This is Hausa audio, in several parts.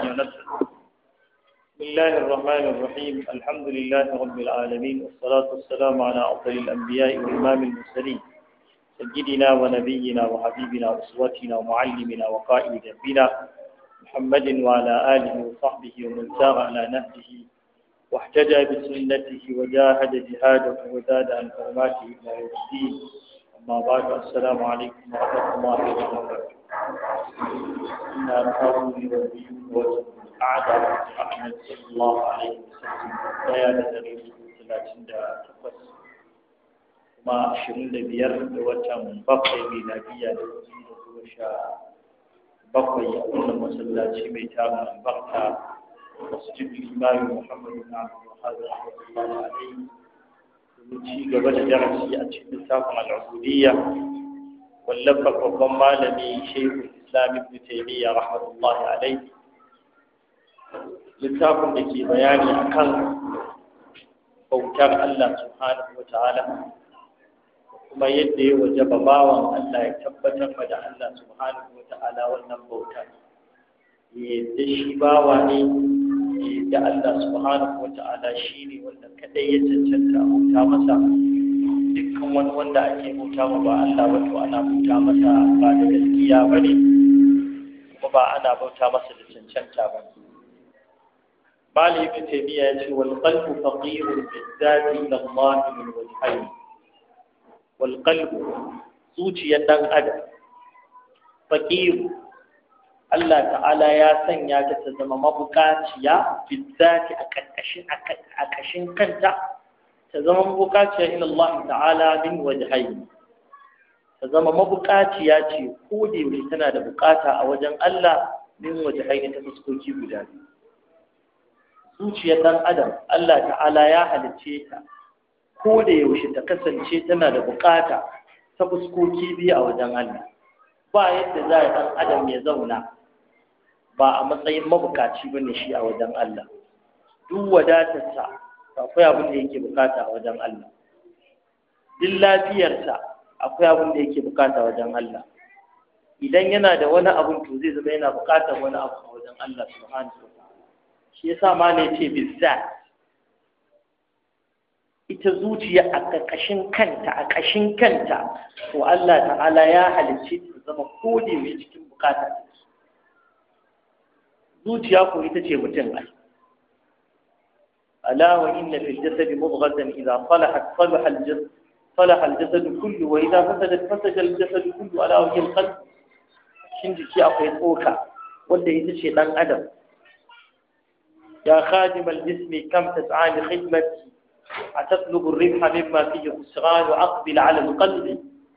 بسم الله الرحمن الرحيم الحمد لله رب العالمين والصلاة والسلام على أفضل الأنبياء وإمام المرسلين سيدنا ونبينا وحبيبنا وأسوتنا ومعلمنا وقائد ذنبنا محمد وعلى آله وصحبه ومن سار على نهجه واحتجى بسنته وجاهد جهاده وزاد عن حرماته إلى يوم الدين أما بعد السلام عليكم ورحمة الله وبركاته إن أكرمني ربي وأعلى أحمد صلى الله عليه وسلم بيان دليل ثلاثين تقص وما عشرين بير وتم بقي ميلادية وشاء بقي يقول أول مسلاتي ميتام بقتا مسجد الإمام محمد بن عبد الوهاب رحمة الله عليه ci gaba da darasi a cikin littafin al'ubudiyya wallafar babban malami shehu islam ibn taymiya rahmatullahi alaihi Lissafin da ke bayani akan bautar Allah subhanahu wa ta'ala kuma yadda ya wajaba bawan Allah ya tabbatar da Allah subhanahu wa ta'ala wannan bautar yadda shi bawa ne da Allah subhanahu wata'ala ne wanda kadai ya cancanta a bauta masa dukkan wani wanda ake bauta ma ba Allah ba to ana bauta masa ba da gaskiya ba ne kuma ba ana bauta masa da cancanta ba ne Mali ibn Taymiyyah ya ce wal qalbu faqirun bizzati ila Allah min wajhayn wal qalbu zuciyar dan adam Faƙiru. Allah ta'ala ya sanya ta ta zama mabukaciya bizzati a ƙarƙashin a ƙashin kanta ta zama mabukaciya ila Allah ta'ala min wajhayn ta zama mabukaciya ce ko da yaushe tana da bukata a wajen Allah min wajhayn ta fuskoki guda biyu zuciyar dan adam Allah ta'ala ya halice ta ko da yaushe ta kasance tana da bukata ta fuskoki biyu a wajen Allah ba yadda za a dan adam ya zauna ba a matsayin mabukaci ba ne shi a wajen Allah duk wadatarsa akwai abin da yake bukata a wajen Allah duk lafiyarsa akwai abin da yake bukata a wajen Allah idan yana da wani abin to zai zama yana bukatar wani abu a wajen Allah subhanahu wa ta'ala shi yasa ma ne ce bizza ita zuciya a ƙarƙashin kanta a ƙashin kanta to Allah ta'ala ya halicci ta zama kodi mai cikin bukata zuciya ko ita ce ألا وإن في الجسد مضغة إذا صلحت صلح الجسد صلح الجسد كله وإذا فسدت فسد الجسد كله ألا وهي القلب شن جي أقيت أوكا ولا يتشي لن أدم يا خادم الجسم كم تسعى لخدمتي أتطلب الربح مما فيه خسران وأقبل على القلب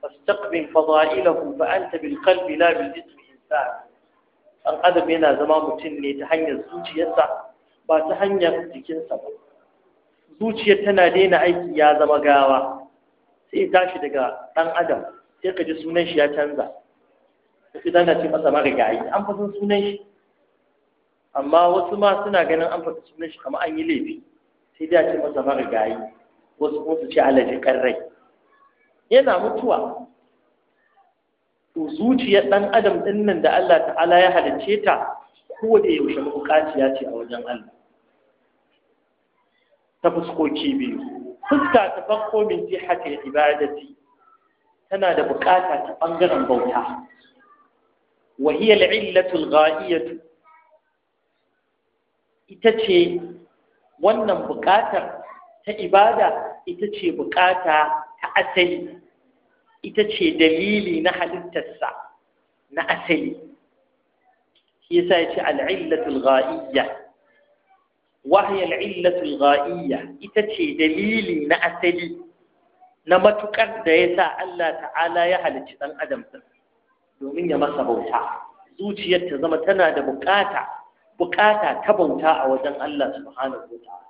فاستقبل فضائله فأنت بالقلب لا بالجسم إنسان Ɗan adam yana zama mutum ne ta hanyar zuciyarsa ba ta hanyar jikinsa ba zuciyar tana daina aiki ya zama gawa sai tashi daga ɗan adam sai ka ji sunan shi ya canza sai dana ce masa marigayi an fasin sunan shi amma wasu ma suna ganin an fasin sunan shi kamar an yi laifi sai dai a ce masa marigayi wasu kuma su ce alaji rai yana mutuwa to zuciyar ɗan adam ɗin nan da Allah ta'ala ya halicce ta ko da yaushe bukaciya ce a wajen Allah ta fuskoki biyu fuska ta farko min jihati ibadati tana da bukata ta bangaren bauta wa hiya al-illatu al-ghaiyatu ita ce wannan bukatar ta ibada ita ce bukata ta asali ita ce dalili na halittarsa na asali shi yasa ya ce al'illatul gha'iyya wahya al'illatul gha'iyya ita ce dalili na asali na matukar da ya sa Allah ta'ala ya halicci ɗan adam domin ya masa bauta zuciyar ta zama tana da bukata bukata ta bauta a wajen Allah subhanahu wa ta'ala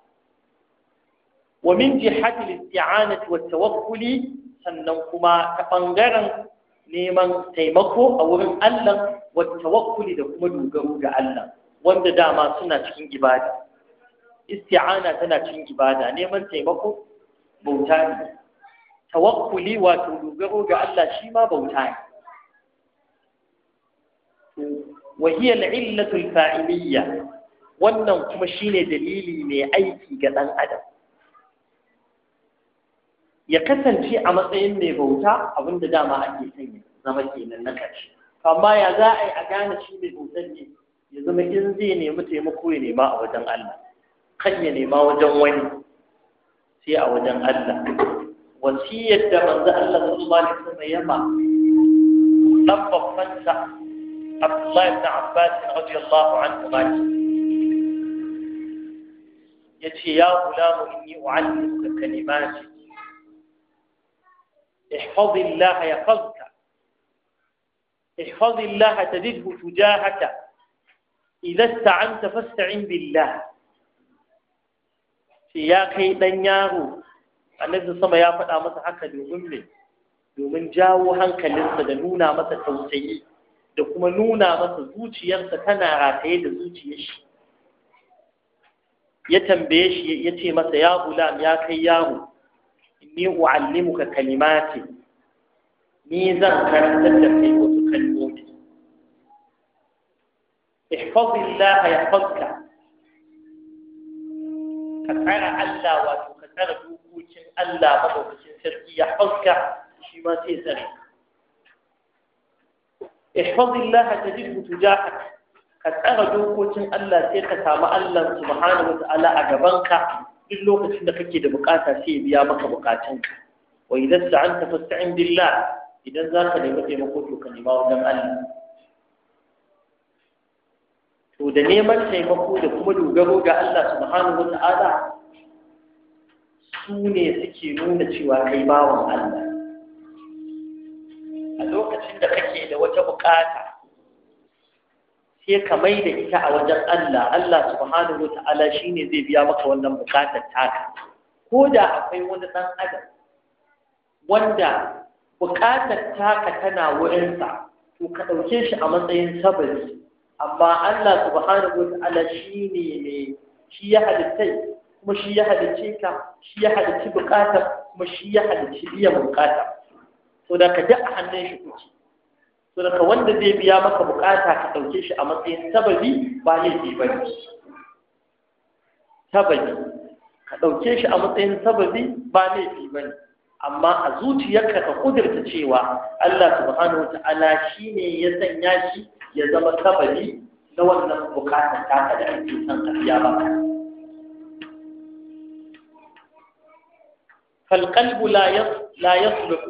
wa min jihati al-isti'anati wat-tawakkuli sannan kuma ta ɓangaren neman taimako a wurin Allah wata tawakkuli da kuma dogaro ga Allah wanda dama suna cikin ibada isti'ana tana cikin ibada neman taimako bauta ne tawakkuli wato dogaro ga Allah shi ma bauta ne wa hiya al-illatu al-fa'iliyya wannan kuma shine dalili mai aiki ga dan adam ya kasance a matsayin mai bauta abinda dama ake sanya, ya zama kenan na ƙarshe amma ya za a yi a gane shi mai bautan ne ya zama in zai nemi taimako ya nema a wajen Allah kan ya nema wajen wani sai a wajen Allah wasiyar da manzo Allah sallallahu alaihi wasallam ya ma dan babban sa Abdullah ibn Abbas radiyallahu anhu ba yace ya gulamu inni u'allimuka kalimati احفظ الله يحفظك احفظ الله تجده تجاهك إذا استعنت فاستعن بالله يا أخي دن يارو annabi sama ya faɗa masa haka domin me domin jawo hankalinsa da nuna masa tausayi da kuma nuna masa zuciyarsa tana rataye da zuciyar shi ya tambaye shi ya ce masa ya gulam ya kai yaro inni u'allimuka kalimati ni zan karantar da kai wasu kalmomi ihfazillah yahfazka ka tsara Allah wato ka tsara dokokin Allah madaukakin sarki yahfazka shi ma sai tsare ihfazillah tajidhu tujahak ka tsara dokokin Allah sai ka samu Allah subhanahu wa ta'ala a gabanka duk lokacin da kake da bukata sai biya maka bukatunka wa idan sa'anta fasta'in billah idan za ka nemi taimako to ka nema wajen Allah to da neman taimako da kuma dogaro ga Allah subhanahu wa su ne suke nuna cewa kai bawan Allah a lokacin da kake da wata bukata sai ka mai da ita a wajen Allah Allah subhanahu wa ta'ala shine zai biya maka wannan bukatar taka ko da akwai wani dan adam wanda bukatar taka tana wurinsa to ka ɗauke shi a matsayin sabari amma Allah subhanahu wa ta'ala shine ne shi ya halitta kuma shi ya ka shi ya halicci bukatar kuma shi ya halicci biyan bukatar to da ka da a hannun shi kuce so daga wanda zai biya maka bukata ka ɗauke shi a matsayin sababi ba laifi ba ne sababi ka ɗauke shi a matsayin sababi ba laifi ba ne amma a zuciyarka ka kudurta cewa Allah subhanahu wata'ala shi ne ya sanya shi ya zama sababi na wannan bukatar taka da ake son tafiya ba falqalbu la yas la yasluhu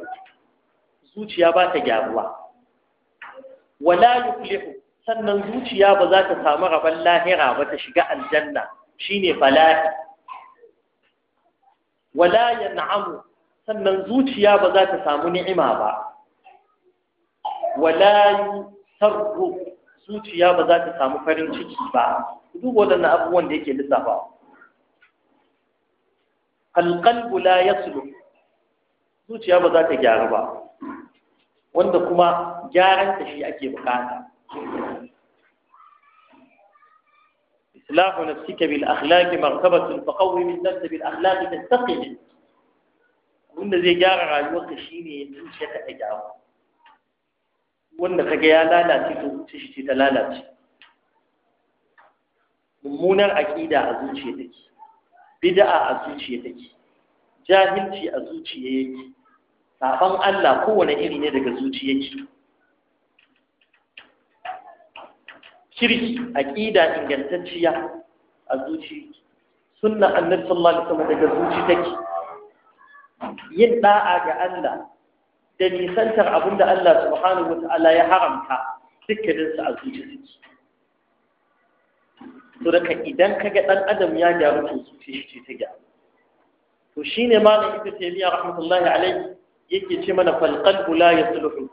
zuciya ba ta gyaruwa wala yuflihu sannan zuciya ba za ta samu rabon lahira ba ta shiga aljanna shine falahi wala yan'amu sannan zuciya ba za ta samu ni'ima ba wala sarru zuciya ba za ta samu farin ciki ba duk waɗannan abubuwan da yake lissafa alqalbu la yaslu zuciya ba za ta gyaru ba wanda kuma gyaran ta shi ake bukata إصلاح نفسك بالأخلاق مرتبة فقوم bil بالأخلاق تستقي wanda zai gyara shi shine ya tushe ka ta wanda kaga ya lalace to shi shi ta lalace mummunar aƙida a zuciya take bid'a a zuciya take jahilci a zuciya yake saban Allah kowane iri ne daga zuciya yake kirki aqida ingantacciya a zuci sunna annabi sallallahu alaihi wasallam daga zuci take yin da'a ga Allah da nisantar da Allah subhanahu wataala ya haramta dukkanin su a zuci take to daga idan kaga dan adam ya gyaru to zuci shi ta gyaru to shine malam ibnu taymiya rahmatullahi alaihi yake ce mana fal qalbu la yasluhu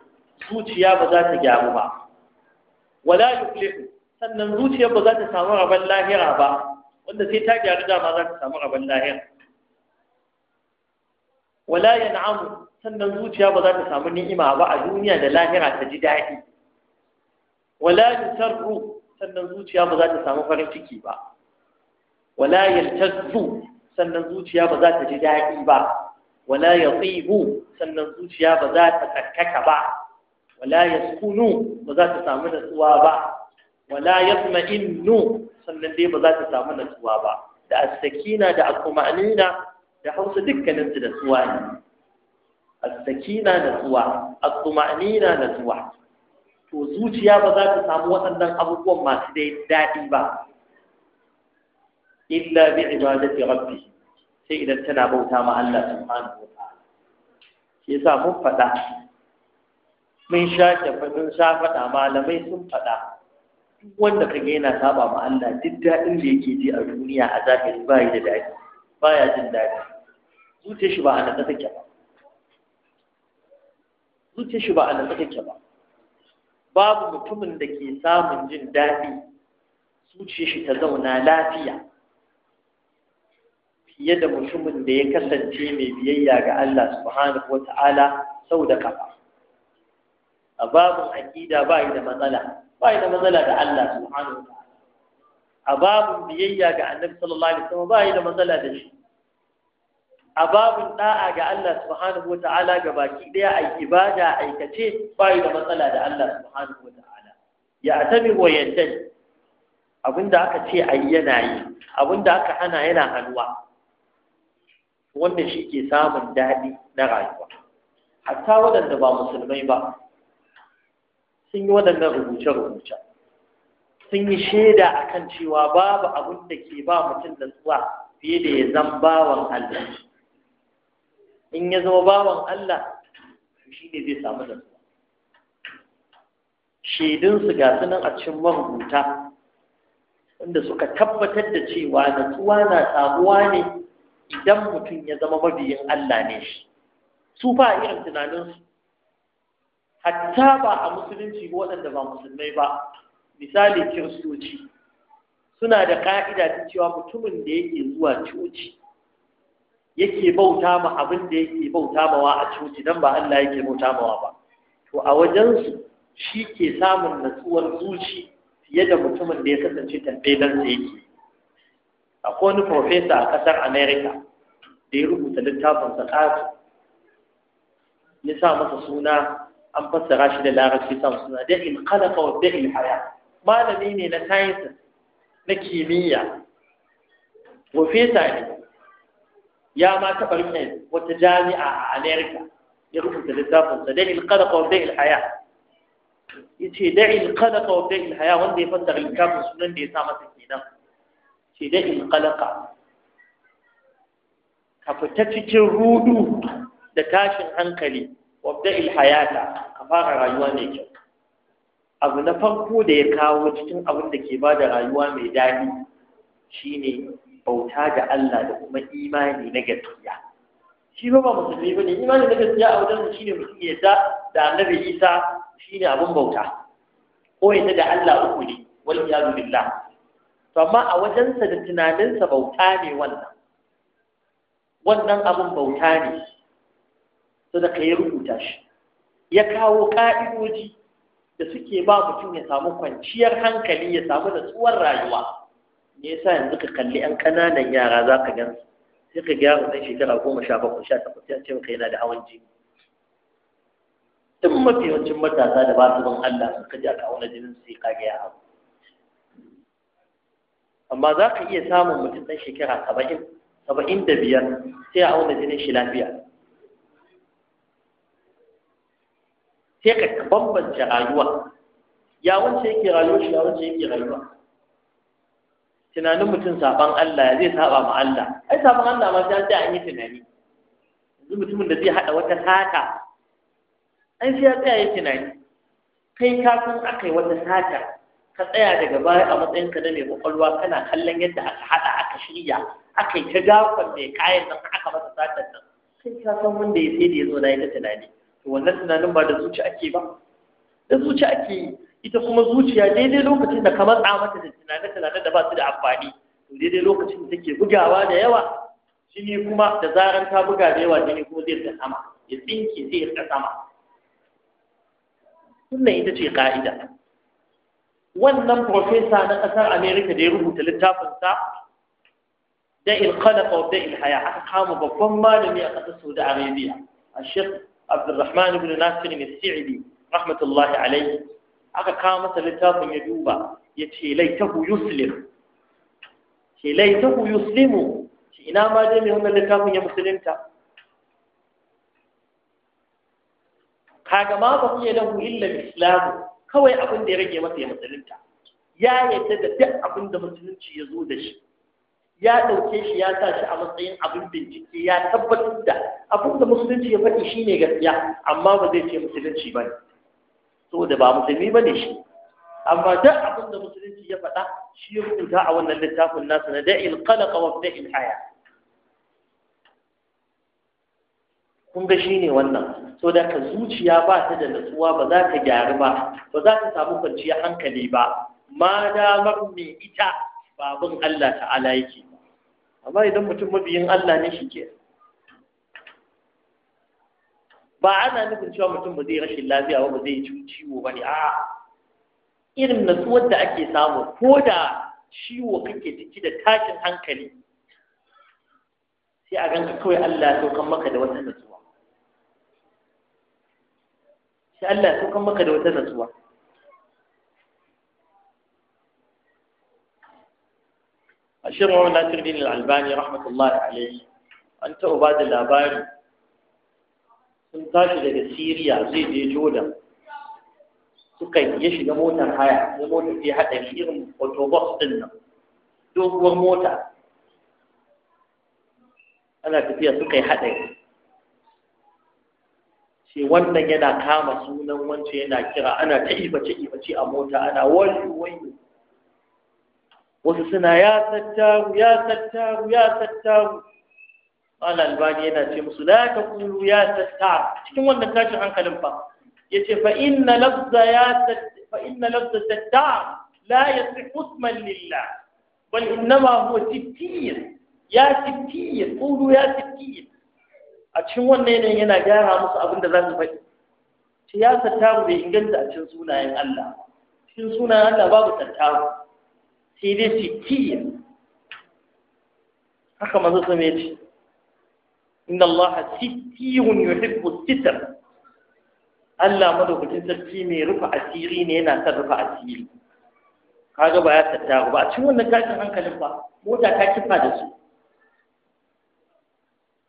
zuciya ba za ta gyaru ba wala yuflihu sannan zuciya ba za ta samu rabon lahira ba wanda sai ta gyaru dama za ta samu rabon lahira wala yan'amu sannan zuciya ba za ta samu ni'ima ba a duniya da lahira ta ji daɗi wala yusarru sannan zuciya ba za ta samu farin ciki ba wala yaltazzu sannan zuciya ba za ta ji daɗi ba wala yatibu sannan zuciya ba za ta tsarkaka ba wala yaskunu ba za ta samu natsuwa ba wala yatma'innu sannan dai ba za ta samu natsuwa ba da as da at da hausa dukkanin su natsuwa ne as-sakina natsuwa at-tuma'nina natsuwa to zuciya ba za ta samu waɗannan abubuwan masu dai daɗi ba illa bi ibadati rabbih sai idan tana bauta ma Allah subhanahu wa ta'ala shi yasa mun faɗa mun sha mun sha faɗa malamai sun faɗa duk wanda ka ga yana saba ma Allah duk daɗin da yake ji a duniya a zahiri ba da daɗi ba ya jin daɗi zuciyar shi ba a natsa take ba zuciyar shi ba a take ba babu mutumin da ke samun jin daɗi zuciyar shi ta zauna lafiya fiye da mutumin da ya kasance mai biyayya ga Allah subhanahu wata'ala sau da kafa a babin aƙida ba yi da matsala ba yi da matsala da Allah subhanahu wata'ala a babin biyayya ga annabi sallallahu alaihi wasallam ba yi da matsala da shi a babin da'a ga Allah subhanahu wata'ala ga baki daya ai ibada aikace ba yi da matsala da Allah subhanahu wata'ala ya atami wa yaddani abinda aka ce ayi yana yi abinda aka hana yana hannuwa wanda shi ke samun daɗi na rayuwa hatta waɗanda ba musulmai ba sun yi waɗannan rubuce-rubuce sun yi shaida a kan cewa babu abin da ke ba mutum da natsuwa fiye da ya zan bawan Allah in ya zama bawan Allah shi ne zai samu da natsuwa shaidunsu ga sunan a cikin marubuta wanda suka tabbatar da cewa natsuwa na samuwa ne idan mutum ya zama mabiyin Allah ne shi su fa irin tunaninsu hatta ba a musulunci ba waɗanda ba musulmai ba misali kiristoci suna da ka'ida ta cewa mutumin da yake zuwa coci yake bauta ma abin da yake bauta mawa a coci dan ba Allah yake bauta mawa ba to a wajen su shi ke samun natsuwar zuci fiye da mutumin da ya kasance tambayar da yake akwai wani profesa a ƙasar Amerika da ya rubuta littafin zakatu ya sa masa suna an fassara shi da larabci sa suna da in khalaqa wa da'il haya malami ne na science na kimiyya profesa ne ya ma taɓa barke wata jami'a a Amerika ya rubuta littafin sa da in khalaqa wa da'il haya yace da'i in kada wa da'i haya wanda ya fassara littafin sunan da ya sa masa ce da in kalaka ka fita cikin rudu da tashin hankali wabda ilhayata ka fara rayuwa mai kyau abu na farko da ya kawo cikin abin da ke ba da rayuwa mai daɗi shine bauta da Allah da kuma imani na gaskiya shi ba ba musulmi ba ne imani na gaskiya a wajen shi ne mutum ya da da annabi isa shi ne abin bauta ko ya da Allah uku ne wal iyadu billah to amma a wajensa da tunaninsa bauta ne wannan wannan abin bauta ne to da ka rubuta shi ya kawo ka'idoji da suke ba mutum ya samu kwanciyar hankali ya samu tsuwar rayuwa me yasa yanzu ka kalli 'yan kananan yara za ka gan sai ka gyara ɗan shekara goma sha bakwai sha takwas ya ce maka yana da hawan jini duk mafi yawancin matasa da ba su bin Allah suka ji kawo auna jinin su sai kage ya abu amma za ka iya samun mutum ɗan shekara saba'in saba'in da biyar sai a auna jinin shi lafiya sai ka bambance rayuwa ya wance yake rayuwa shi ya wance yake rayuwa tunanin mutum saban Allah ya zai saba ma Allah ai saban Allah ma sai sai an yi tunani yanzu mutumin da zai hada wata sata An sai ya tsaya yi tunani kai ka san akai wata sata ka tsaya daga baya a matsayin ka na mai kwakwalwa kana kallon yadda aka haɗa aka shirya aka yi ta gafan mai kayan nan aka masa satar nan sai ka san wanda ya sai da ya zo na yi ta tunani to wannan tunanin ba da zuci ake ba da zuci ake yi ita kuma zuciya daidai lokacin da ka matsa mata da tunane-tunane da ba su da amfani to daidai lokacin da take bugawa da yawa jini kuma da zaran ta buga da yawa jini kuma zai ta sama ya tsinke zai ta sama wannan ita ce ka'ida wannan profesa na ƙasar amerika da ya rubuta littafinsa da ilkhalaka wa da ilhaya aka kama babban malami a ƙasar saudi arabia a shek Abdurrahman ibn nasir al-sa'idi rahmatullahi alaihi aka kama masa littafin ya duba ya ce laitahu yuslim ce laitahu yuslimu ce ina ma dai mai wannan littafin ya musulunta kaga ma ba iya lahu illa islamu kawai abin da ya rage masa ya musulunta ya yadda da duk abin da musulunci ya zo da shi ya ɗauke shi ya sa shi a matsayin abin bincike ya tabbatar da abin da musulunci ya faɗi shi ne gaskiya amma ba zai ce musulunci ba ne saboda ba musulmi ba ne shi amma duk abin da musulunci ya faɗa shi ya rubuta a wannan littafin nasu na da'il qalaqa wa da'il haya kun ga shine wannan so da ka zuciya ba ta da natsuwa ba za ta gyaru ba ba za ta samu kwanciyar hankali ba ma da me ita babin Allah ta'ala yake amma idan mutum mabiyin Allah ne shi ke ba ana nufin cewa mutum ba zai rashin lafiya ba ba zai ci ciwo ba ne a irin natsuwar da ake samu ko da ciwo kake ciki da tashin hankali sai a ganka kawai Allah ya maka da wata natsuwa sai Allah ya saukan maka da wata natsuwa Ashir Muhammad Nasiruddin Al-Albani rahmatullahi alayhi an taɓa ba da labari sun tashi daga Siriya zai je Jordan suka ya shiga motar haya ko motar ta haɗari irin autobus ɗin nan doguwar mota ana tafiya suka yi haɗari sai wannan yana kama sunan wancan yana kira ana ta ibace ibace a mota ana wayu wayu wasu suna ya tattaru! ya tattaru! ya tattaru!" ala albani yana ce musu la ta kulu ya sattaru cikin wannan tashin hankalin fa yace fa inna lafza ya fa inna lafza sattaru la yasih usman lillah bal innama huwa sittir ya sittir "Kulu ya sittir a cikin wannan yanayin yana gyara musu abin da za su faɗi siyasar tamu bai inganta a cikin sunayen Allah cikin sunayen Allah babu tattaro sai dai fikiyya haka manzo sama ya ce inna Allah sittiyun yuhibbu sitr Allah madaukakin sarki mai rufe asiri ne yana son rufe asiri kaga ba ya tattaro ba a cikin wannan tashin hankalin ba mota ta kifa da su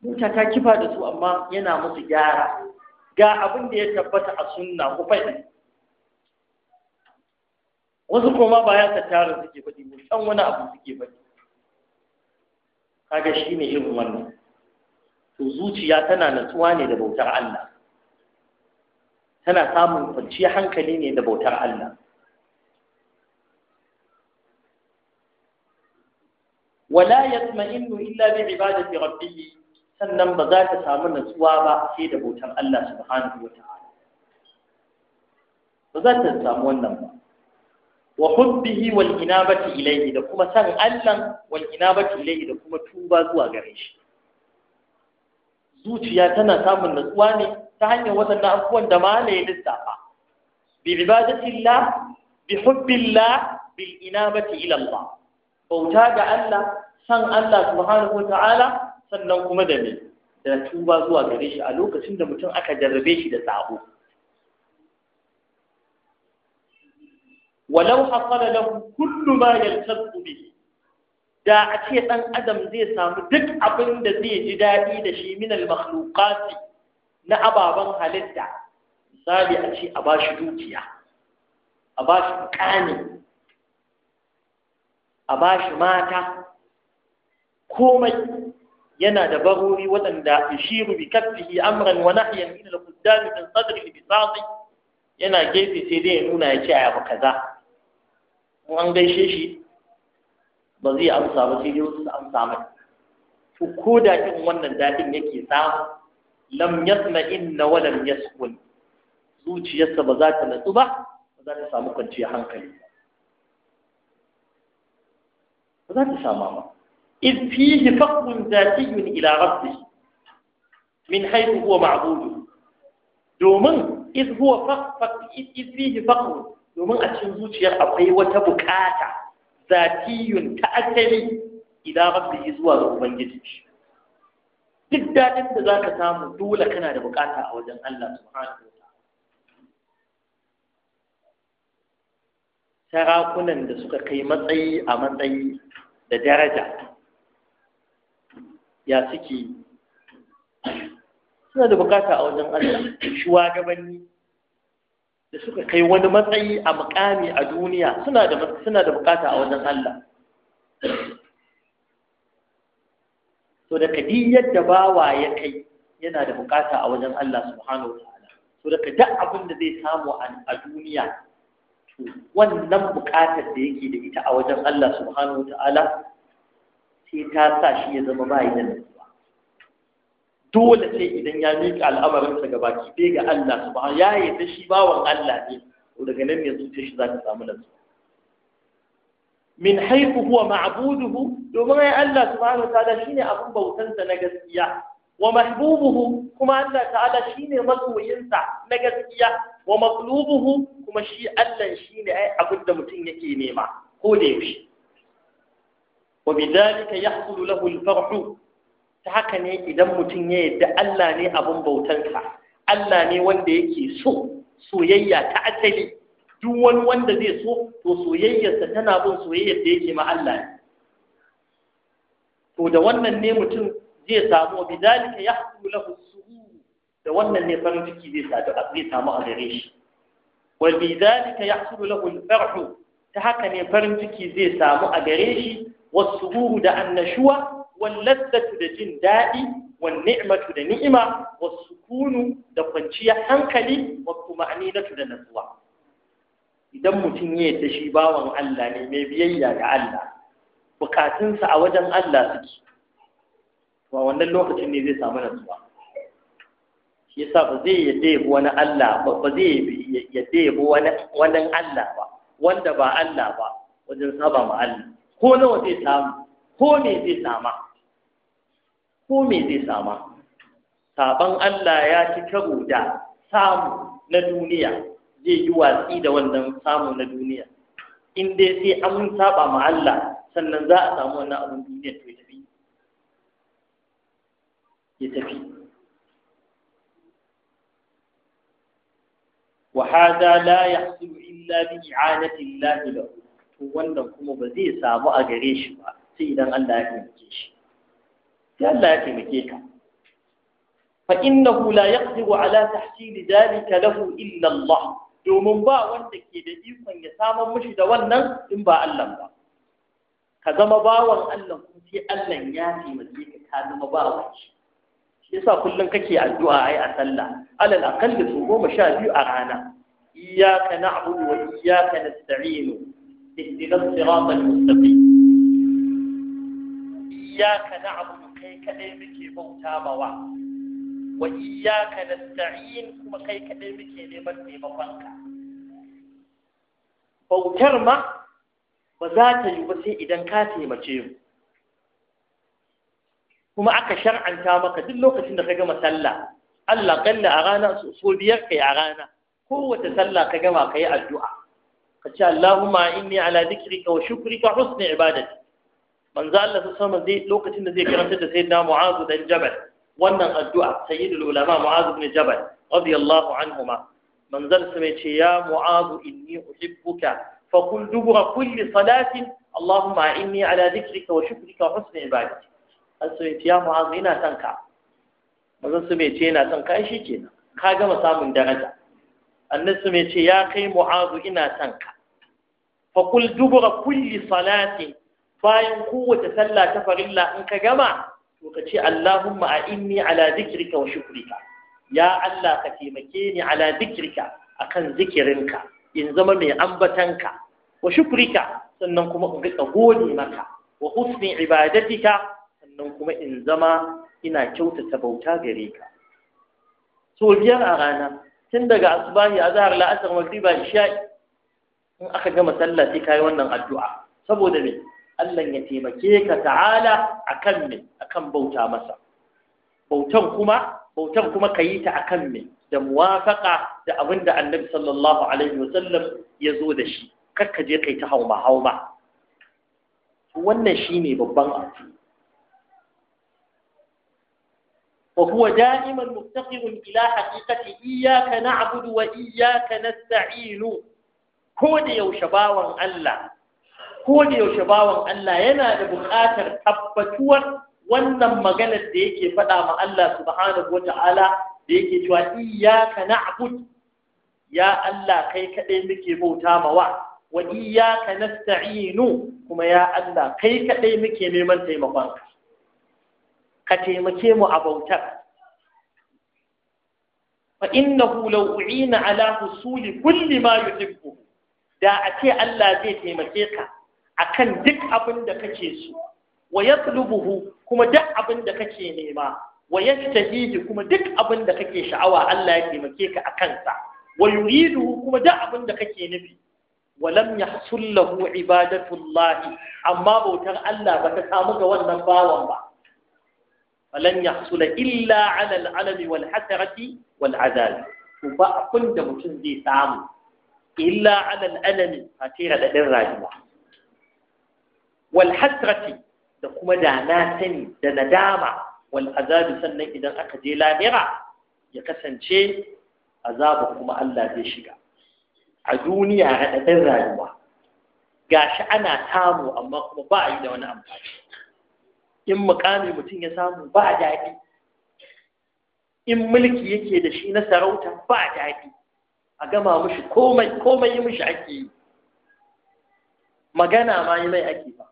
wuta ta kifa da su amma yana musu gyara ga abin da ya tabbata a sunna ku faɗi wasu kuma ba ya tattara suke faɗi san wani abu suke faɗi kaga shi ne irin wannan to zuciya tana natsuwa ne da bautar Allah tana samun kwanciyar hankali ne da bautar Allah wala yatma'innu illa ibada ibadati rabbih sannan ba za ta samu natsuwa ba sai da bautan Allah subhanahu wata'ala ba za ta samu wannan ba wa hubbihi wal inabati ilayhi da kuma san Allah wal inabati ilayhi da kuma tuba zuwa gare shi zuciya tana samun natsuwa ne ta hanyar waɗannan abubuwan da mala ya lissafa bi ibadatillah bi hubbillah bil inabati ila Allah bauta ga Allah san Allah subhanahu wata'ala sannan kuma da me da tuba zuwa gare shi a lokacin da mutum aka jarrabe shi da sabo walau hasala lahu kullu ma yaltaqu bi da a ce ɗan adam zai samu duk abin da zai ji daɗi da shi min al na ababan halitta misali a ce a ba shi dukiya a ba shi kani a ba shi mata komai yana da barori waɗanda yushiru bi kaffihi amran wa nahyan min al-quddam min sadri bi sa'ati yana gefe sai dai ya nuna ya ce abu kaza in an gaishe shi ba zai amsa ba sai dai wasu amsa mai to ko da in wannan dadin yake samu lam yasma inna wa lam yaskun zuciyarsa ba za ta natsu ba ba za ta samu kwanciyar hankali ba za ta sama ba إذ فيه فقر ذاتي إلى ربه من حيث هو معبود دومن إذ هو فقر فق إذ فيه فقر دومن أتنزوج يا أبقي وتبكاتا ذاتي تأثري إلى ربه زوى ربن جدش duk daɗin da za ka samu dole kana da bukata a wajen Allah subhanahu wa sarakunan da suka kai matsayi a matsayi da daraja ya suke suna da bukata a wajen Allah shugabanni da suka kai wani matsayi a mukami a duniya suna da suna da bukata a wajen Allah so da kadi yadda bawa ya kai yana da bukata a wajen Allah subhanahu wataala so da duk abin da zai samu a duniya to wannan bukatar da yake da ita a wajen Allah subhanahu wataala sai sa shi ya zama ba da dole sai idan ya miƙa al'amarinsa ga baki ɗaya ga Allah ba. ya yarda shi bawan Allah ne to daga nan ne zuciyar shi za ta samu nutsuwa min haifu huwa ma'buduhu domin ai Allah subhanahu wataala shine abin bautansa na gaskiya wa mahbubuhu kuma Allah ta'ala shine masoyinsa na gaskiya wa maqlubuhu kuma shi Allah shine ai abin da mutum yake nema ko da yaushe wa bidalika yahsulu lahu al-farhu ta haka ne idan mutum ya yadda Allah ne abin bautansa Allah ne wanda yake so soyayya ta asali duk wani wanda zai so to soyayyarsa tana bin soyayyar da yake ma Allah to da wannan ne mutum zai samu wa bidalika yahsulu lahu as-surur da wannan ne farin ciki zai zai samu a gare shi wa bidalika yahsulu lahu al ta haka ne farin ciki zai samu a gare shi والسرور ده النشوة واللذة ده جن دائي والنعمة ده نعمة والسكون ده قنشية حنكلي والطمأنينة ده نزوة إذا متنية تشيبا وان الله نميبيا لعلا بكاتنس أوجن الله سكي lokacin ne zai samu nasuwa shi yasa ba zai ya debi wani Allah ba ba zai ya debi wani Allah ba wanda ba Allah ba wajen saba ma Allah ko nawa zai samu ko me zai sama ko me zai sama saban Allah ya ci karo da samu na duniya zai yi watsi da wannan samu na duniya in dai sai an saba ma Allah sannan za a samu wannan abin duniya to ya tafi ya tafi وهذا لا يحصل إلا بإعانة الله له wannan kuma ba zai samu a gare shi ba sai idan Allah ya taimake shi sai Allah ya taimake ka fa innahu la yaqdiru ala tahsil dhalika lahu illa Allah domin ba wanda ke da ikon ya samu mishi da wannan in ba Allah ba ka zama bawan Allah kuma sai Allah ya taimake ka ka zama bawan shi yasa kullum kake addu'a ai a sallah alal aqall su goma sha biyu a rana iyyaka na'budu wa iyyaka nasta'inu اهدنا الصراط المستقيم إياك نعبد كي كلمك بوتا بوا وإياك نستعين كما كي كلمك لمن تيمفنك bautar ma ba za ta yi ba sai idan ka taimace mu kuma aka shar'anta maka duk lokacin da ka gama sallah Allah kalla a rana so biyar kai a rana kowace sallah ka gama ka yi addu'a ka ce Allahumma inni ala zikrika wa shukrika husni ibadati manzo Allah sallallahu sama zai lokacin da zai karanta da sayyidina Mu'az dan Jabal wannan addu'a sayyidul ulama Mu'az ibn Jabal radiyallahu anhuma manzo sama ya ce ya Mu'az inni uhibbuka fa qul dubura kulli salatin Allahumma inni ala zikrika wa shukrika wa husni ibadati sai ya ce ya Mu'az ina son ka manzo sama ya ce ina son ka shi kenan ka gama samun daraja annabi sama ya ce ya kai Mu'az ina son ka faƙul dubura kulli salati bayan kowace sallah ta farilla in ka gama to ka ce Allahumma a inni ala zikrika wa shukrika ya Allah ka taimake ni ala zikrika akan zikirinka in zama mai ambatanka wa shukrika sannan kuma in rika gode maka wa husni ibadatika sannan kuma in zama ina kyautata bauta gare ka so biyar a rana tun daga asubahi azhar la'asar magriba isha'i in aka gama sallah sai kai wannan addu'a saboda me Allah ya taimake ka ta'ala akan me akan bauta masa bautan kuma bautan kuma kayi ta akan me da muwafaqa da abinda Annabi sallallahu alaihi wasallam ya zo da shi karka je kai ta hauma hauma wannan shine babban abu وهو دائما مفتقر إلى حقيقة إياك نعبد وإياك نستعين ko da yaushe bawan Allah ko da yaushe bawan Allah yana da buƙatar tabbatuwar wannan maganar da yake faɗa ma Allah subhanahu wata'ala da yake cewa iyyaka na'bud ya Allah kai kaɗai muke bauta ma wa iyyaka nasta'inu kuma ya Allah kai kaɗai muke neman taimakon ka ka taimake mu a bautar fa innahu law u'ina ala husuli kulli ma yuhibbu da a ce Allah zai taimake ka akan duk abin da kake so wa yatlubuhu kuma duk abin da kake nema wa yastahihi kuma duk abin da kake sha'awa Allah ya taimake ka a kansa, wa yuriduhu kuma duk abin da kake nufi wa lam yahsul lahu ibadatullahi amma bautar Allah ba ta samu ga wannan bawan ba falan yahsula illa ala al wal hasarati wal azab ba abin da mutum zai samu illa alal alami a tera rayuwa wal hasrati da kuma da na sani da nadama wal azabi sannan idan aka je lamira ya kasance azaba kuma Allah zai shiga a duniya raɗaɗin rayuwa gashi ana samu amma kuma ba a yi da wani amfani in mukami mutum ya samu ba daɗi in mulki yake da shi na sarauta ba daɗi a gama mushi komai komai yi mushi ake yi magana ma yi mai ake ba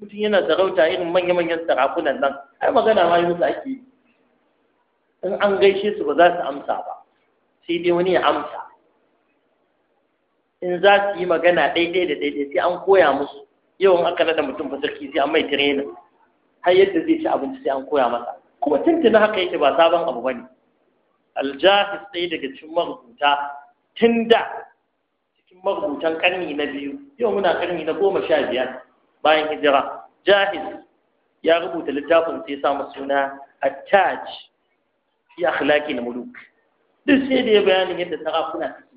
mutum yana sarauta irin manya-manyan sarakunan nan ai magana ma yi musu ake yi in an gaishe su ba za su amsa ba sai dai wani ya amsa in za su yi magana daidai da daidai sai an koya musu yawan aka nada mutum fa sarki sai an mai tirenin har yadda zai ci abinci sai an koya masa kuma tuntuna haka yake ba sabon abu bane aljahis sai daga cikin marubuta tun da cikin marubutan karni na biyu yau muna karni na goma sha biyar bayan hijira jahil, ya rubuta littafin sai sa suna attaj fi na muluk duk sai da ya bayanin yadda sarakuna suke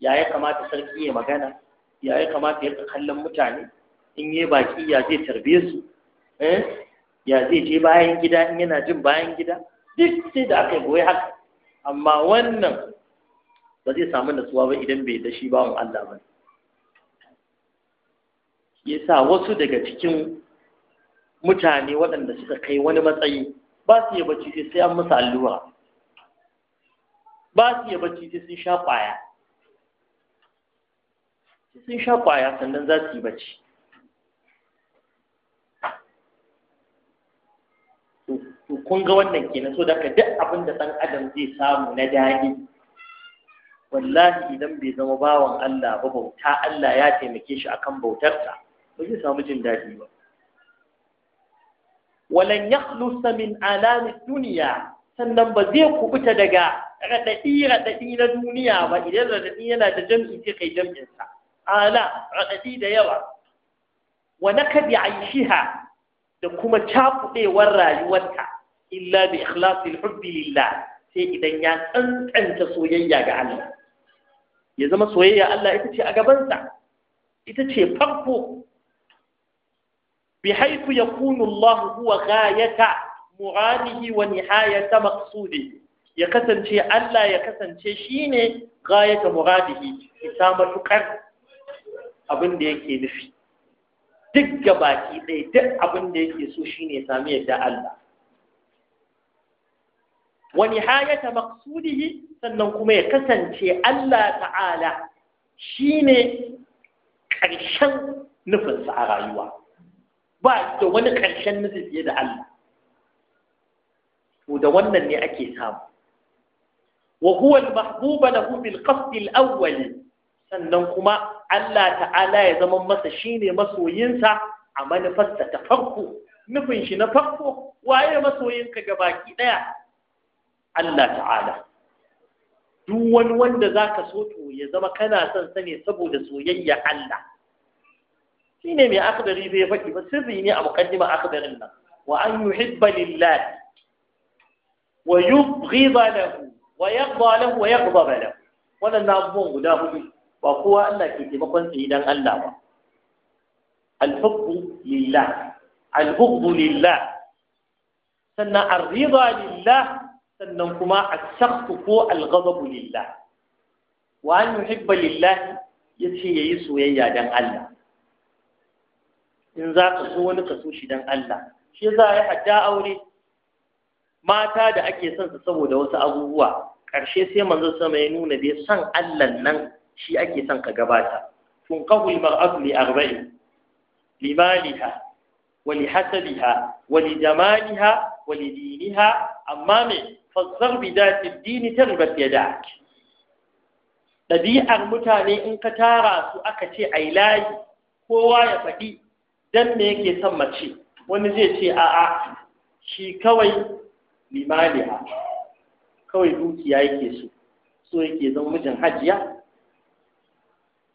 ya ya kamata sarki ya magana ya ya kamata ya kallon mutane in yi baki ya zai tarbe su eh? ya zai je bayan gida in yana jin bayan gida duk sai da aka goyi haka amma wannan ba zai samu nasuwa ba idan bai da shi bawan Allah ba sa wasu daga cikin mutane waɗanda suka kai wani matsayi ba su yi bacci sai sai an masa allura ba su yi bacci sai sun sha ƙwaya sun sha ƙwaya sannan za su yi bacci kun ga wannan kenan so da duk abin da ɗan adam zai samu na daɗi wallahi idan bai zama bawan Allah ba bauta Allah ya taimake shi akan bautarsa ba zai samu jin daɗi ba walan yakhlusa min alamin duniya sannan ba zai kubuta daga raɗaɗi raɗaɗi na duniya ba idan raɗaɗi yana da jam'i sai kai jam'insa ala raɗaɗi da yawa wa nakadi aishiha da kuma cakuɗewar rayuwarta illa bi ikhlasil hubbi lillah sai idan ya tsantsanta soyayya ga Allah ya zama soyayya Allah ita ce a gabansa ita ce farko bi haifu ya kunu Allah huwa gayata muradihi wa nihayata maqsudi ya kasance Allah ya kasance shine gayata muradihi ita matukar abin da yake nufi duk gabaki ɗaya duk abin da yake so shine ya sami yadda Allah wani hayata maksudihi sannan kuma ya kasance Allah ta'ala shi ne ƙarshen nufinsa a rayuwa ba da wani ƙarshen nufi fiye da Allah to da wannan ne ake samu wa huwa al-mahbuba lahu bil qasd al-awwal sannan kuma Allah ta'ala ya zama masa shine masoyinsa a manufarsa ta farko nufin shi na farko waye masoyinka gabaki daya Allah ta'ala duk wani wanda za ka so to ya zama kana son sani saboda soyayya Allah Shi ne mai akhdari zai faɗi ba sirri ne a muqaddima akhdarin nan wa an yuhibba lillah wa yubghida lahu wa yarda lahu wa yaghdaba lahu wannan abubuwan guda hudu ba kowa Allah ke taimakon sa idan Allah ba al-hubbu lillah al-hubbu lillah sannan ar-ridha lillah sannan kuma a shakku ko algababu lillah wa an yuhibba lillah ya ce ya yi soyayya don Allah in za ka so wani ka so shi don Allah shi za a yi hadda aure mata da ake son su saboda wasu abubuwa ƙarshe sai manzo sama ya nuna dai son Allah nan shi ake son ka gabata Tun al-mar'atu li arba'in limaliha wa li hasabiha wa li jamaliha wa li diniha amma me fassar bidati dini ya yadak ɗabi'ar mutane in ka tara su aka ce ayi layi kowa ya faɗi dan me yake son mace wani zai ce a'a shi kawai limaliha kawai dukiya yake so so yake zan mijin hajiya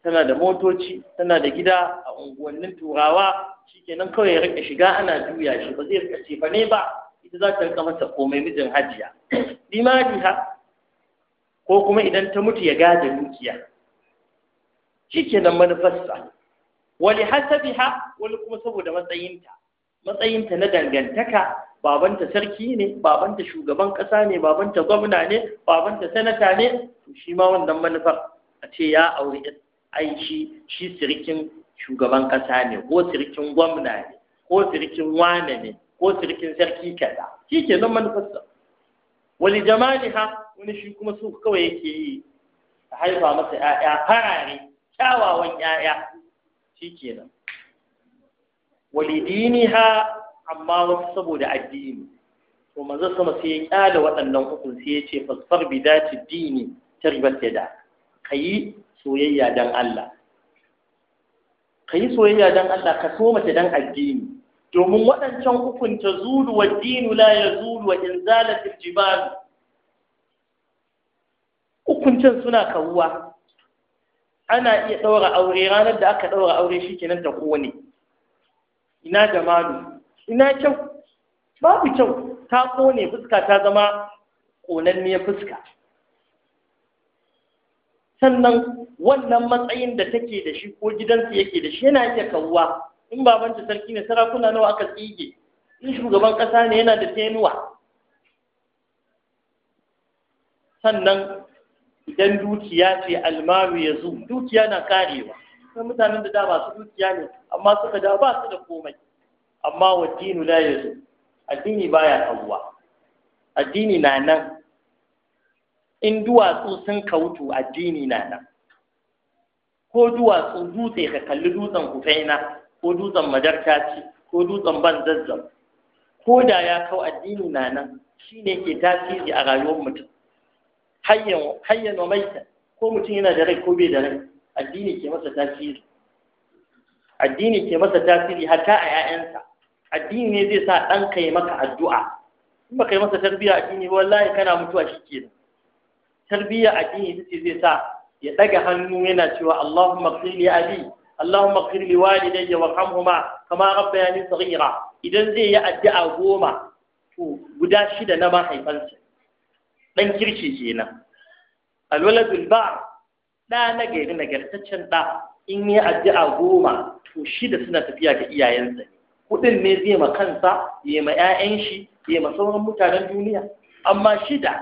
tana da motoci tana da gida a unguwannin turawa shi shikenan kawai ya rika shiga ana juya shi ba zai rika ce ba ne ba ita za ta rika masa komai mijin hajiya limariha ko kuma idan ta mutu ya gada dukiya kenan manufarsa wali hasabiha wani kuma saboda matsayinta matsayinta na dangantaka babanta sarki ne babanta shugaban ƙasa ne babanta gwamna ne babanta sanata ne to shi ma wannan manufar a ce ya aure ai shi shi sirkin shugaban ƙasa ne ko sirkin gwamna ne ko sirkin wane ne ko sirkin sarki kaza shi ke nan manufarsa wali ha wani shi kuma su kawai yake yi a haifa masa ‘ya'ya farare kyawawan ‘ya'ya shi ke nan wali ha amma wasu saboda addini to manzo sama sai ya kyale waɗannan hukun sai ya ce fasfar bidati dini tarbat yada kayi soyayya dan Allah kayi soyayya dan Allah ka so mace dan addini domin waɗancan hukunta, ta zulu wa dinu la ya zulu wa in jibalu hukuncin suna kawuwa ana iya ɗaura aure ranar da aka ɗaura aure shi kenan ta kone ina da malu ina kyau babu kyau ta kone fuska ta zama ƙonanniyar fuska sannan wannan matsayin da take da shi ko gidansu yake da shi yana iya kawuwa in babanta sarki ne sarakuna nawa aka tsige in shugaban ƙasa ne yana da tenuwa sannan idan dukiya ce almaru ya zo dukiya na karewa sai mutanen da da masu dukiya ne amma suka da ba su da komai amma waddinu la ya zo addini baya kawuwa addini na nan in duwatsu sun kautu addini na nan ko duwatsu dutse ka kalli dutsen hufaina ko dutsen ce ko dutsen ban zazzab ko da ya kau addini na nan shi ne ke tasiri a rayuwar mutum hayyano mai maita ko mutum yana da rai ko bai da rai addini ke masa tasiri addini ke masa tasiri hatta a 'ya'yansa addini ne zai sa ɗan kai maka addu'a in baka yi masa tarbiyya addini wallahi kana mutuwa shi nan. tarbiyya addini ita ce zai sa ya ɗaga hannu yana cewa Allahumma qili ali اللهم اغفر لوالدي وارحمهما كما ربياني صغيرا idan zai yi addu'a goma to guda shida na mahaifansa dan kirki kenan alwaladul ba da na gari nagartaccen da in yi addu'a goma to shida suna tafiya ga iyayensa kudin ne zai ma kansa ya ma 'ya'yan shi ya ma sauran mutanen duniya amma shida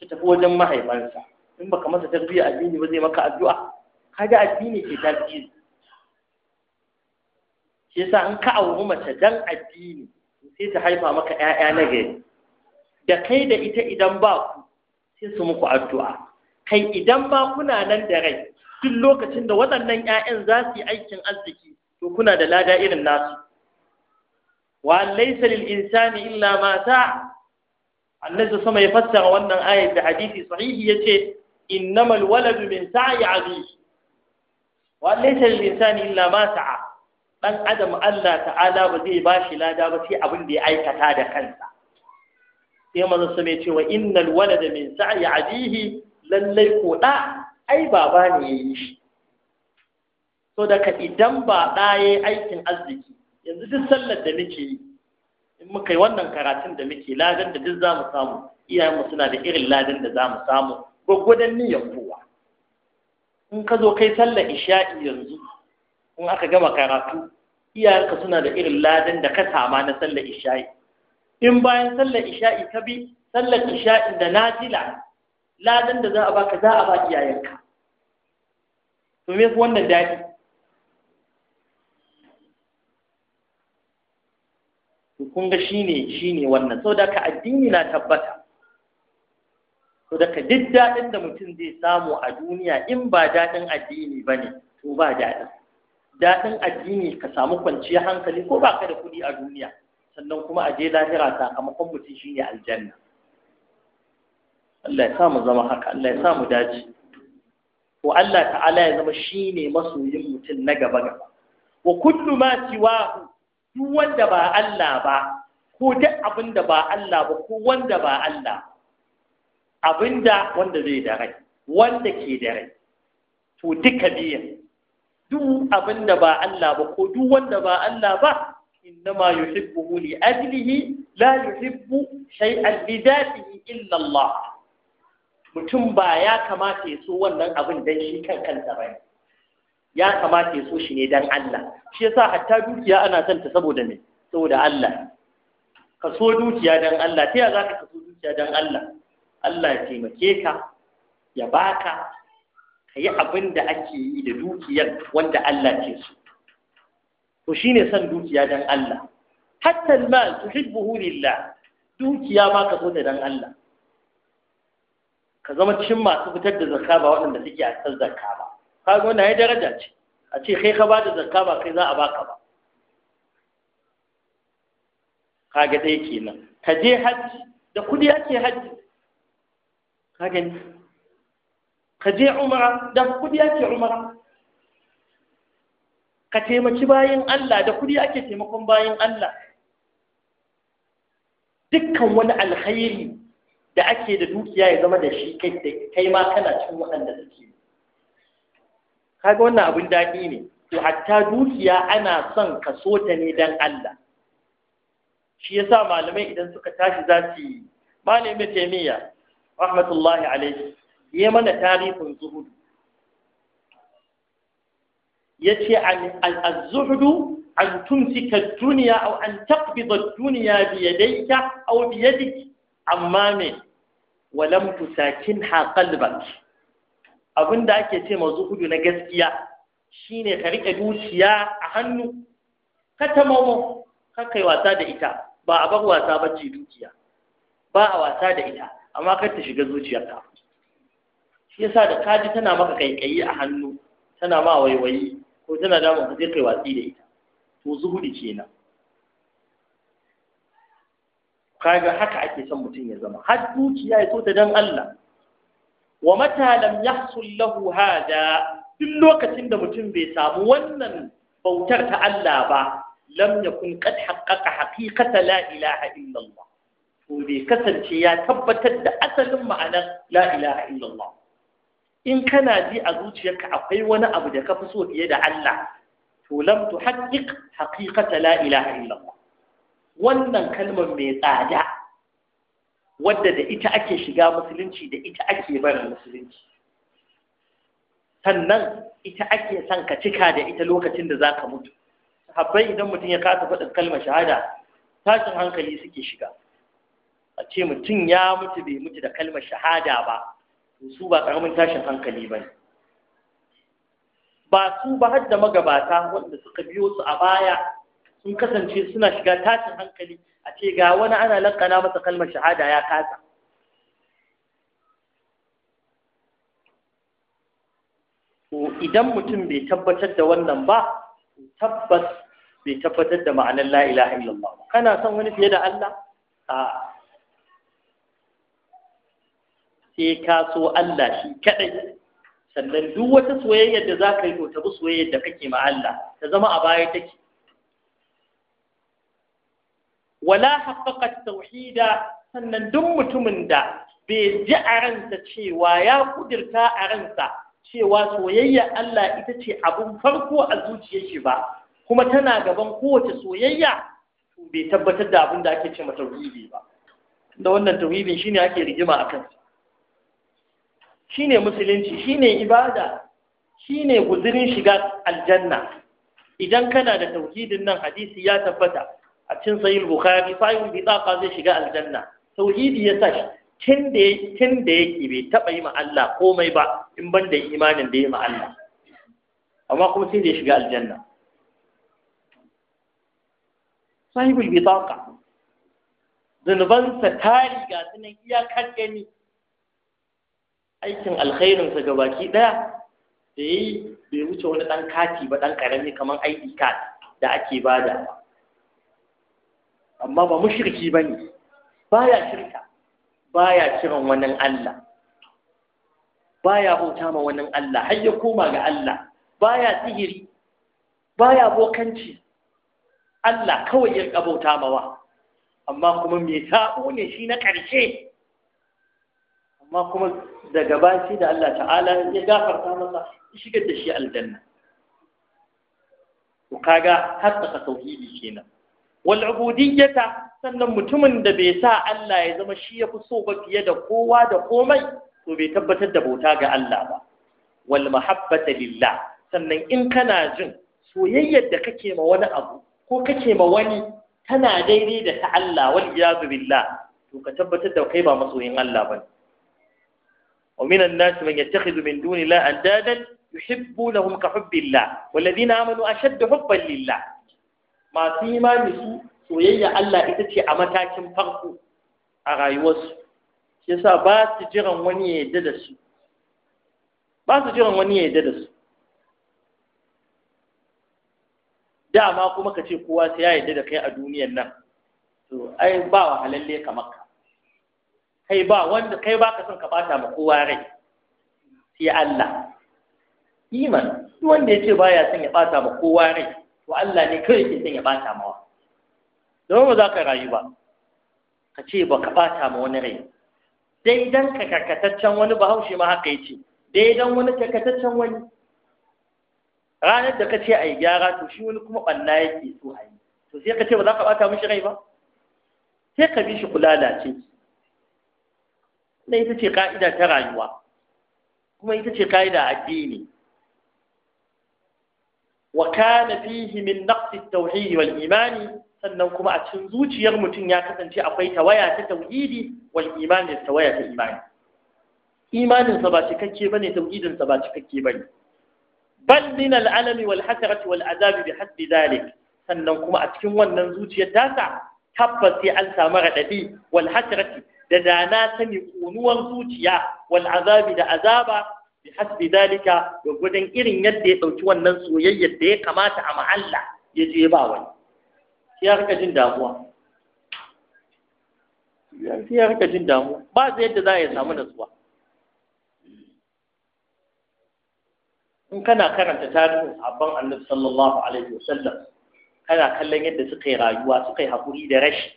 su tafi wajen mahaifansa in baka masa tarbiyya addini ba zai maka addu'a kaga addini ke tasiri shi yasa in ka auri mace dan addini sai ta haifa maka ƴaƴa na gari da kai da ita idan ba ku sai su muku addu'a kai idan ba kuna nan da rai duk lokacin da waɗannan ƴaƴan za su yi aikin arziki to kuna da lada irin nasu wa laysa lil insani illa ma sa'a annabi sama ya fassara wannan ayat da hadisi sahihi yace innamal waladu min sa'i abihi wa laysa lil insani illa ma sa'a dan adam Allah ta'ala ba zai ba shi lada ba sai abin da ya aikata da kansa sai manzo sai ya ce wa innal walada min sa'i abihi lallai ko da ai baba ne yayi shi so daga idan ba da yayi aikin arziki yanzu duk sallar da muke yi in muka yi wannan karatun da muke ladan da duk zamu samu iyayenmu suna da irin ladan da zamu samu gwaggwadon niyyar kowa in ka zo kai sallar isha'i yanzu in aka gama karatu iyayenka suna da irin ladan da ka sama na sallar isha'i in bayan sallar isha'i ka bi sallar isha'i da nafila ladan da za a baka za a ba iyayenka to me wannan daɗi kun ga shine shine wannan da ka addini na tabbata to daga duk daɗin da mutum zai samu a duniya in ba daɗin addini ba ne, to ba daɗin daɗin addini ka samu kwanciyar hankali ko ba ka da kuɗi a duniya sannan kuma a je lahira sakamakon mutum shi ne aljanna Allah ya sa mu zama haka Allah ya sa mu dace ko Allah ta'ala ya zama shi ne masoyin mutum na gaba gaba wa kullu ma siwahu duk wanda ba Allah ba ko duk abin da ba Allah ba ko wanda ba Allah abinda wanda zai da rai wanda ke da rai to duka biyan duk abin da ba Allah ba ko duk wanda ba Allah ba Inna ma li ajlihi la yuhibbu shay'an bi لذاته illa Allah mutum ba ya kamata ya so wannan abin dan shi kan kanta ba ya kamata ya so shi ne dan Allah shi yasa hatta dukiya ana son ta saboda me saboda Allah ka so dukiya dan Allah ta yaya zaka ka so dukiya dan Allah Allah ya taimake ka ya baka ka yi abin da ake yi da dukiyar wanda Allah ke so to shine san dukiya dan Allah hatta ma mal tuhibbuhu lillah dukiya ma ka so ta dan Allah ka zama cikin masu fitar da zakka ba waɗanda suke a san zakka ba ka ga wannan ya daraja ce a ce kai ka bada zakka ba kai za a baka ba kaga ɗaya kenan ka je hajji da kudi ake hajji ka gani ka je umara da kudi ake umara ka taimaki bayan Allah da kudi ake taimakon bayan Allah dukkan wani alkhairi da ake da dukiya ya zama da shi kai ma kana cin waɗanda suke kaga wannan abin daɗi ne to hatta dukiya ana son ka so ta ne dan Allah shi yasa malamai idan suka tashi za su yi malamin taymiya rahmatullahi alaihi ya mana tarihin zuhudu ya ce an an tumsika duniya aw an taqbida duniya bi yadayka aw bi dik. amma walan walam haƙal ba. abinda ake ce ma zuhudu na gaskiya shine ka riƙe dukiya a hannu ka mawa ka kai wasa da ita ba a bar wasa bace dukiya ba a wasa da ita amma kar ta shiga zuciyarka shi yasa da kaji tana maka kaikayi a hannu tana ma waiwayi ko tana damun ka sai kai watsi da ita to zuhudi kenan kaga haka ake son mutum ya zama har dukiya ya so ta dan Allah wa mata lam yahsul lahu hada duk lokacin da mutum bai samu wannan bautar ta Allah ba lam yakun qad haqqaqa haqiqata la ilaha illa Allah to bai kasance ya tabbatar da asalin ma'anar la ilaha illa Allah in kana ji a zuciyarka akwai wani abu da ka fi so fiye da Allah to lam haqiq haqiqata la ilaha illallah wannan kalmar mai tsada wadda da ita ake shiga musulunci da ita ake barin musulunci sannan ita ake son ka cika da ita lokacin da zaka mutu habbai idan mutum ya kasa faɗin kalmar shahada tashin hankali suke shiga a ce mutum ya mutu bai mutu da kalmar shahada ba su ba karamin tashin hankali ba ne ba su ba har da magabata wanda suka biyo su a baya sun kasance suna shiga tashin hankali a ce ga wani ana lakana masa kalmar shahada ya kasa idan mutum bai tabbatar da wannan ba tabbas bai tabbatar da ma'anar la ilaha illallah kana son wani fiye da Allah a sai ka so Allah shi kaɗai. sannan duk wata soyayyar da za ka yi to ta soyayyar da kake ma Allah ta zama a baya take wala haqqaqat tauhida sannan duk mutumin da bai ji a ransa cewa ya kudirta a ransa cewa soyayyar Allah ita ce abun farko a zuciyar ba kuma tana gaban kowace soyayya bai tabbatar da abin da ake ce ma tauhidi ba da wannan tauhidin shine ake rigima a kansa Shi ne musulunci shi ne ibada shi ne guzurin shiga aljanna idan kana da tauhidin nan hadisi ya tabbata a cin sahih bukari sahih bitaka zai shiga aljanna tauhidi ya sa shi tun da yake bai taba yi ma Allah komai ba in ban da imanin da yi ma Allah amma kuma sai da ya shiga aljanna sahibul bitaqa zunubansa ta riga sunan iyakar gani aikin alkhairinsa ga baki ɗaya da yi bai wuce wani ɗan kati ba ɗan ƙarami kamar ID card da ake bada ba amma ba mushriki ba ne baya shirka baya kiran wannan Allah baya bauta ma wannan Allah har ya koma ga Allah baya sihiri baya bokanci Allah kawai ya bauta wa amma kuma me tabo ne shi na ƙarshe ma kuma daga ba da Allah ta'ala ya gafarta masa shigar da shi aljanna to kaga har tsaka tauhidi kenan wal ubudiyyata sannan mutumin da bai sa Allah ya zama shi yafi so ba fiye da kowa da komai to bai tabbatar da bauta ga Allah ba wal mahabbata lillah sannan in kana jin soyayyar da kake ma wani abu ko kake ma wani tana daidai da ta Allah wal iyazu billah to ka tabbatar da kai ba masoyin Allah bane ومن الناس من يتخذ من دون الله أندادا يحبونهم كحب الله والذين آمنوا أشد حبا لله ما فيما نسو سويا الله إتتي أمتاكم فرقوا أغايوس يسا بات جرم وني يددس بات جرم وني يددس dama kuma ka ce kowa sai ya yarda da kai a duniyar nan to ai ba wa halalle kamar ka kai ba wanda kai ba ka son ka bata ma kowa rai sai Allah iman duk wanda yace baya son ya bata ma kowa rai to Allah ne kai yake son ya bata mawa don ba za ka rayu ba ka ce ba ka bata ma wani rai dai dan ka karkataccen wani bahaushe ma haka yace dai dan wani karkataccen wani ranar da ka ce a yi gyara to shi wani kuma ɓanna yake so a yi to sai ka ce ba za ka ɓata mishi rai ba sai ka bi shi ki da ita ce ka'ida ta rayuwa kuma ita ce ka'ida addini wa kana fihi min naqsi at-tauhid wal imani sannan kuma a cikin zuciyar mutum ya kasance akwai tawaya ta tauhidi wal imani da tawaya ta imani imaninsa ba cikakke bane tauhidinsa ba cikakke bane bal min al'alami wal hasarati wal azabi bi haddi dalik sannan kuma a cikin wannan zuciyar ta sa, tabbas sai an samu radadi wal hasarati da dana sani kunuwar zuciya wal azabi da azaba bi hasbi dalika da gudun irin yadda ya dauki wannan soyayyar da ya kamata a ma'alla ya je ba wani sai ya rika jin damuwa sai ya rika jin damuwa ba zai yadda za ya samu nasuwa in kana karanta tarihin abban annabi sallallahu alaihi wasallam kana kallon yadda suka yi rayuwa suka yi haƙuri da rashi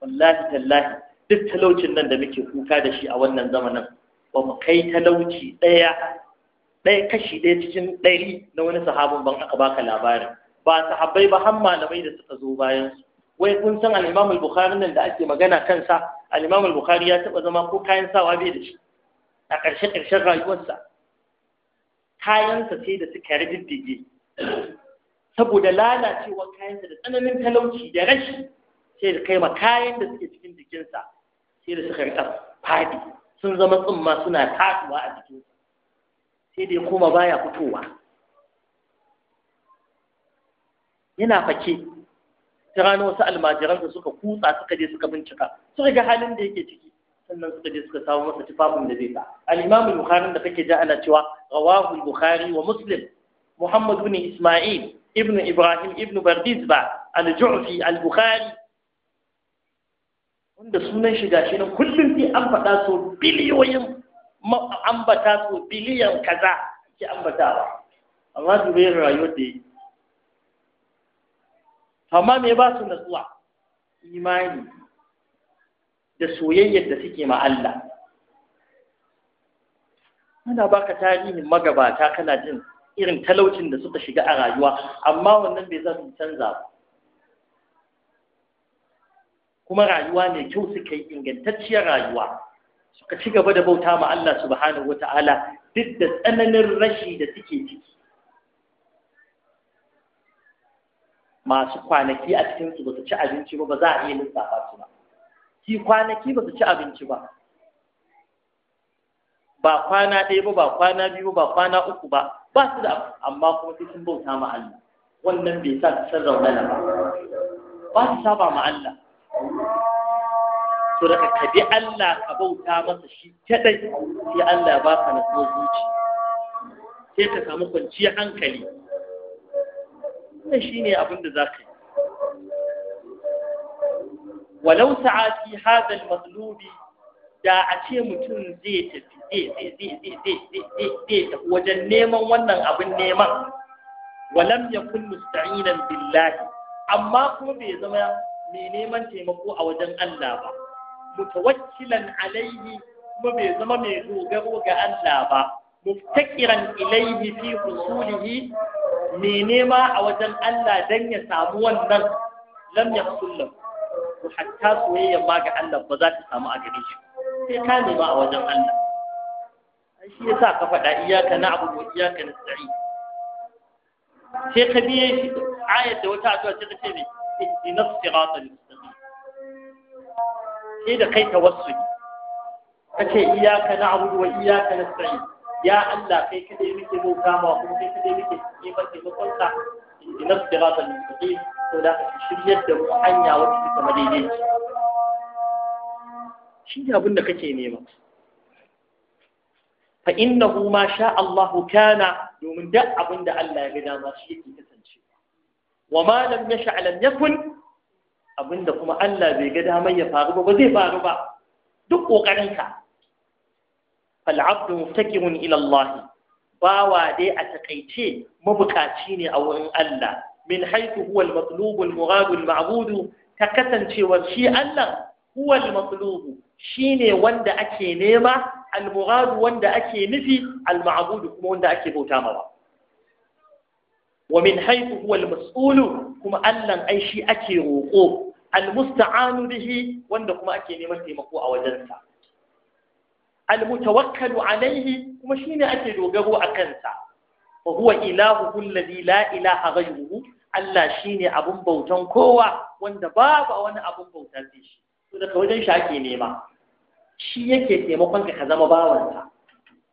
wallahi tallahi duk talaucin nan da muke kuka da shi a wannan zamanin ba mu kai talauci ɗaya ɗaya kashi ɗaya cikin ɗari na wani sahabin ban aka baka labarin ba sahabbai ba har malamai da suka zo bayan su wai kun san al bukhari nan da ake magana kansa al-Imam al-Bukhari ya taba zama ko kayan sawa bai da shi a ƙarshe ƙarshen rayuwarsa kayansa sai da suka riddige saboda lalacewar kayansa da tsananin talauci da rashi sai da kai ma kayan da suke cikin jikinsa sai da suka rikar fadi sun zama tsumma suna tasuwa a jikinsa sai da ya koma baya fitowa yana fake ta rana wasu almajiransa suka kutsa suka je suka bincika suka ga halin da yake ciki sannan suka je suka samu masa tufafin da zai sa al-imam da kake ja ana cewa rawahu bukhari wa muslim muhammad ibn isma'il ibn ibrahim ibn bardizba al-ju'fi al-bukhari wanda sunan shiga shi na kullum sai an faɗa so biliyoyin ambata so biliyan kaza ke ba. amma su bai rayuwa da yi amma me ba su natsuwa imani da soyayyar da suke ma Allah muna baka tarihin magabata kana jin irin talaucin da suka shiga a rayuwa amma wannan bai zan su canza ba kuma rayuwa mai kyau suka yi ingantacciyar rayuwa suka ci gaba da bauta ma Allah subhanahu wata'ala duk da tsananin rashi da suke ciki masu kwanaki a cikin su ba su ci abinci ba ba za a iya lissafa su ba ki kwanaki ba su ci abinci ba ba kwana ɗaya ba ba kwana biyu ba kwana uku ba ba su da amma kuma sai sun bauta ma Allah wannan bai sa su san raunana ba ba su saba ma Allah to ka bi Allah ka bauta masa shi kadai sai Allah ba ka nutsuwar zuci sai ka samu kwanciya hankali shi shine abin da za ka yi walau sa'ati hada al da a ce mutum zai tafi zai tafi wajen neman wannan abin neman walam yakun musta'inan billahi amma kuma bai zama mai neman taimako a wajen Allah ba mutawakkilan alaihi kuma bai zama mai dogaro ga Allah ba muftakiran ilaihi fi husulihi mai nema a wajen Allah dan ya samu wannan lam yahsul lahu hatta soyayya ma ga Allah ba za ta samu a gare shi sai ka nema a wajen Allah ai shi yasa ka faɗa iyyaka na'budu wa iyyaka nasta'in sai ka biye shi ayat da wata a sai ka ce ne ihdinas siratal sai da kai tawassuli kace iyyaka na'budu wa iyyaka nasta'in ya Allah kai kadai muke bauta ma kuma kai kadai muke neman taimakon ka ihdina siratal mustaqim to da ka shiryar da mu hanya wacce take madaidaici shi ne abin da kake nema fa innahu ma sha Allah kana domin duk abin da Allah ya ga dama shi yake kasancewa wa ma lam yasha lam yakun abinda kuma Allah bai ga damar ya faru ba ba zai faru ba duk ƙoƙarinka fal'abdu muftakirun ila Allah bawa dai a takaice mabukaci ne a wurin Allah min haitu huwa al-matlub al-murad al ta kasancewar shi Allah huwa al shine wanda ake nema al muradu wanda ake nufi al-ma'bud kuma wanda ake bauta mawa wa min haitu huwa al kuma Allah aishi ake roƙo al-musta'anu wanda kuma ake neman taimako a wajensa al-mutawakkalu alaihi kuma shine ake dogaro a kansa wa huwa ilahu alladhi la ilaha ghayruhu Allah shine abun bautan kowa wanda babu wani abun bauta sai shi to daga wajen shi ake nema shi yake taimakon ka ka zama bawansa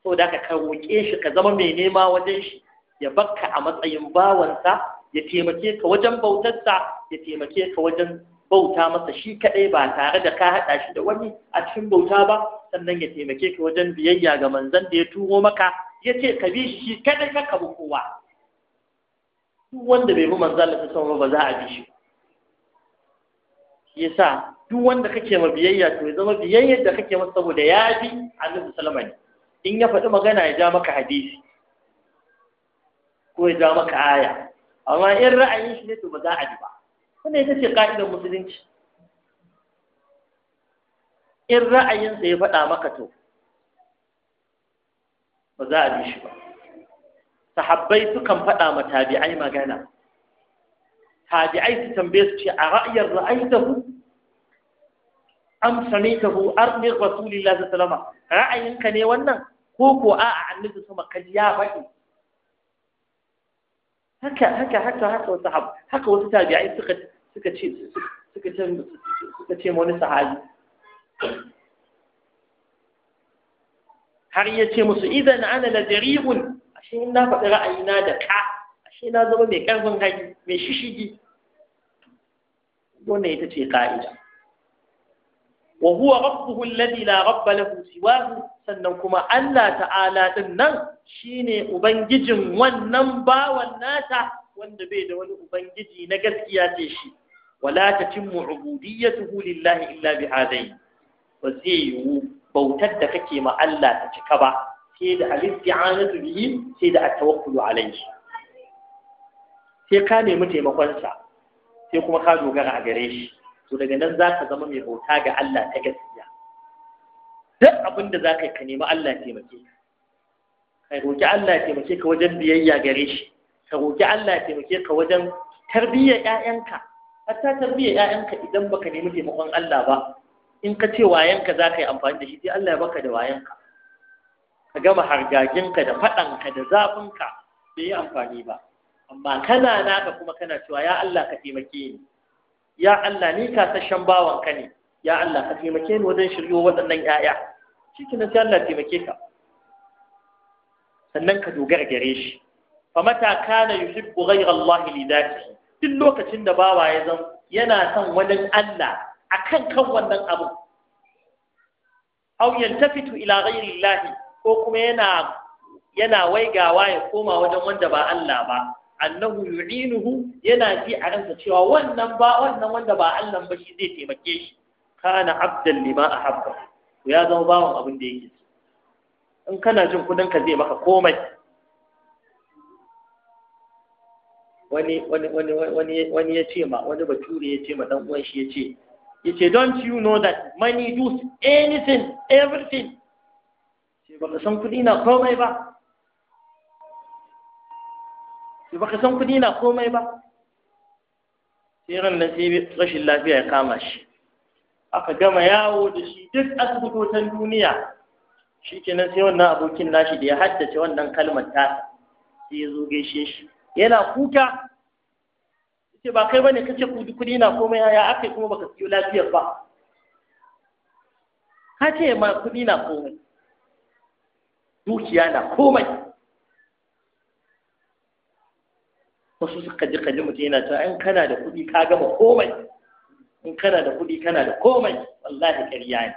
to da ka roƙe shi ka zama mai nema wajen shi ya bakka a matsayin bawansa ya taimake ka wajen bautarsa ya taimake ka wajen bauta masa shi kaɗai ba tare da ka haɗa shi da wani a cikin bauta ba sannan ya taimake ka wajen biyayya ga manzan da ya turo maka ya ce ka bi shi shi kaɗai ka kabu kowa duk wanda bai bi manzan da sama ba za a bi shi shi yasa duk wanda kake ma biyayya to ya zama biyayyar da kake masa saboda ya bi annabi sallama ne in ya faɗi magana ya ja maka hadisi ko ya ja maka aya amma in ra'ayin shi ne to ba za a bi ba wannan ita ce ka'idar musulunci in ra'ayinsa ya faɗa maka to ba za a bi shi ba sahabbai sukan faɗa ma tabi'ai magana tabi'ai su tambaye su ce a ra'ayar ra'aytahu am samitahu hu, min rasulillahi rasulillah alaihi salama ra'ayinka ne wannan ko ko a'a annabi sama kaji ya faɗi هكا هكا هكا هكا وصحب هكا وتتابع يعني سكت سكت شيء سكت سكت شيء مونس عادي حرية شيء مس إذا أنا لدريب عشان نافع رأي نادا كا عشان هذا ما بيكان من غادي من شو شيء دون أي تشي قاعدة وهو ربه الذي لا رب له سواه سنكما أن تعالى تنن shine ubangijin wannan bawan nata wanda bai da wani ubangiji na gaskiya ce shi wala tatimmu ubudiyyatuhu lillahi illa bi hadai ba zai yiwu bautar da kake ma Allah ta cika ba sai da al-isti'anatu bihi sai da at-tawakkulu alayhi sai ka nemi taimakon sa sai kuma ka dogara a gare shi to daga nan za ka zama mai bauta ga Allah ta gaskiya duk abin da za ka yi ka nemi Allah taimake ka ka roƙi Allah ya taimake ka wajen biyayya gare shi ka roƙi Allah ya taimake ka wajen tarbiyyar ƴaƴanka hatta tarbiyyar ƴaƴanka idan baka nemi taimakon Allah ba in ka ce wayanka za ka yi amfani da shi sai Allah ya baka da wayanka ka gama hargaginka da faɗanka da zafinka bai yi amfani ba amma kana naka kuma kana cewa ya Allah ka taimake ni ya Allah ni kasashen bawanka ne ya Allah ka taimake ni wajen shiryo waɗannan 'ya'ya shi kina sai Allah taimake ka sannan ka dogara gare shi fa mata kana yuhibbu ghayra Allah li dhatihi duk lokacin da bawa ya zan yana son wani Allah akan kan wannan abu aw yaltafitu ila ghayri Allah ko kuma yana yana waigawa ya koma wajen wanda ba Allah ba annahu yu'inuhu yana ji a ransa cewa wannan ba wannan wanda ba Allah ba shi zai taimake shi kana abdan lima ahabba ya zama bawan abin da yake in kana jin kudin ka zai maka komai wani wani wani wani wani ya ce ma wani bature ya ce ma dan uwan shi ya ce ya ce don't you know that money do anything everything sai baka san kudi na komai ba sai baka san kudi na komai ba sai ran nan sai rashin lafiya ya kama shi aka gama yawo da shi duk asibitocin duniya shi nan sai wannan abokin nashi da ya haddace wannan kalmar ta sai ya zo gaishe shi yana kuka ce ba kai bane kace kudi kudi na komai ya aka kuma baka siyo lafiyar ba ka ce ma kudi na komai dukiya na komai wasu suka ji kaji mutum yana cewa in kana da kudi ka gama komai in kana da kudi kana da komai wallahi ƙarya ne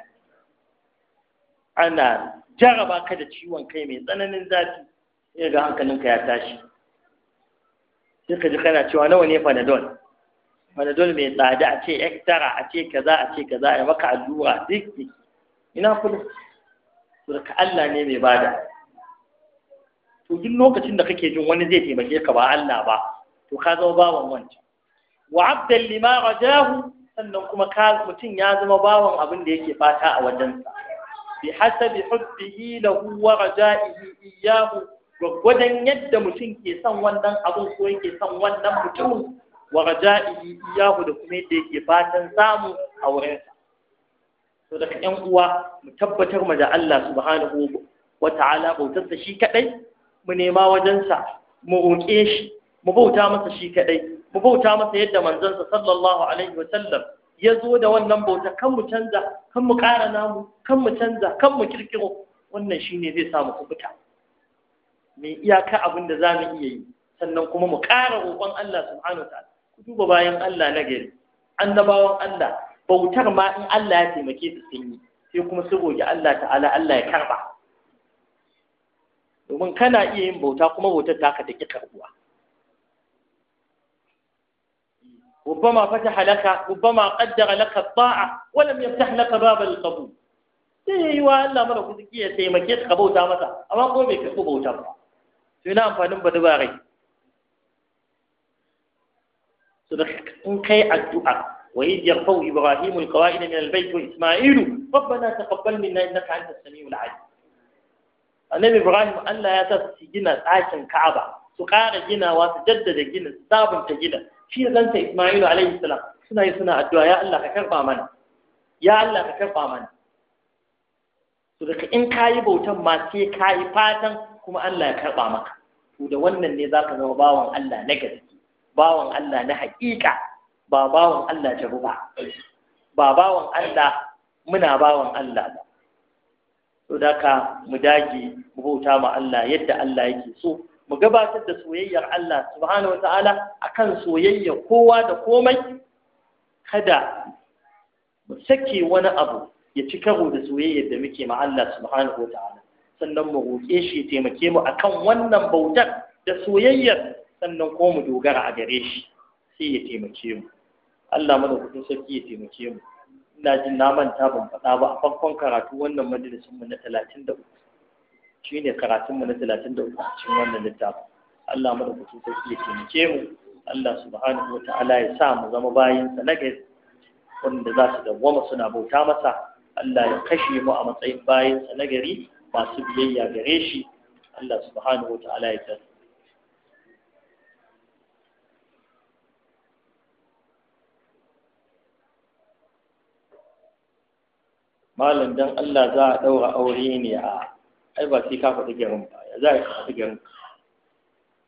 ana jaraba ka da ciwon kai mai tsananin zafi ya ga hankalinka ya tashi sai ka ji kana cewa nawa ne panadol panadol mai tsada a ce ektara a ce kaza a ce kaza a maka allura duk ina kudin surka Allah ne mai bada to duk lokacin da kake jin wani zai taimake ka ba Allah ba to ka zama bawan wancan wa abdan lima rajahu sannan kuma mutum ya zama bawan abin da yake fata a wajensa bi hubbihi lahu wa raja'ihi iyyahu gwaggwadon yadda mutum ke son wannan abun ko yake son wannan mutum wa raja'ihi iyyahu da kuma yadda yake fatan samu a wurinsa daga ƴan uwa mu tabbatar mu da Allah subhanahu wa ta'ala bautarsa shi kadai mu nema wajensa mu roƙe shi mu bauta masa shi kadai mu bauta masa yadda manzansa sallallahu alaihi wa sallam ya zo da wannan bauta kan mu canza kan mu ƙara namu kan mu canza kan mu kirkiro wannan shi ne zai samu mu kubuta me iyaka abin da za mu iya yi sannan kuma mu ƙara roƙon Allah subhanahu ta'ala ku duba bayan Allah na gari annabawan Allah bautar ma in Allah ya taimake su sun yi sai kuma su goge Allah ta'ala Allah ya karba domin kana iya yin bauta kuma bautar taka ta ki karbuwa ربما فتح لك ربما قدر لك الطاعة ولم يفتح لك باب القبول إيه، أيوة لا مرة كذكية سي ما كيت قبو تامتا أما قوم يكتبو قبو تامتا سنام فنم بدواري صدق انقي الدعاء وإذ يرفع إبراهيم القوائد من البيت وإسماعيل ربنا تقبل منا إنك أنت السميع العليم النبي إبراهيم أن لا يتسجن عائشة كعبة سقار جنا وتجدد جنا سابن تجنا shi da ɗansa Ismailu alaihi salam suna yi suna addu'a ya Allah ka karɓa mana ya Allah ka karɓa mana to daga in yi bautan ma sai yi fatan kuma Allah ya karɓa maka to da wannan ne zaka zama bawan Allah na gaske bawan Allah na haƙiƙa ba bawan Allah jaru ba ba bawan Allah muna bawan Allah ba to da ka mu dage mu bauta ma Allah yadda Allah yake so mu gabatar da soyayyar Allah subhanahu wataala akan soyayya kowa da komai kada mu sake wani abu ya ci karo da soyayyar da muke ma Allah subhanahu wataala sannan mu roƙe shi ya taimake mu akan wannan bautar da soyayyar sannan ko mu dogara a gare shi sai ya taimake mu Allah mana madaukakin sarki ya taimake mu ina jin na manta ban faɗa ba a farkon karatu wannan majalisin mu na 33 shi ne karatunmu na talatin da uku cikin wannan littafin Allah madaukakin sarki ya taimake mu Allah subhanahu wata'ala ya sa mu zama bayinsa na gari wanda za su dawwama suna bauta masa Allah ya kashe mu a matsayin bayinsa na gari masu biyayya gare shi Allah subhanahu wata'ala ya tsare malam dan Allah za a ɗaura aure ne a ai ba sai ka faɗi ba ya za ka faɗi garin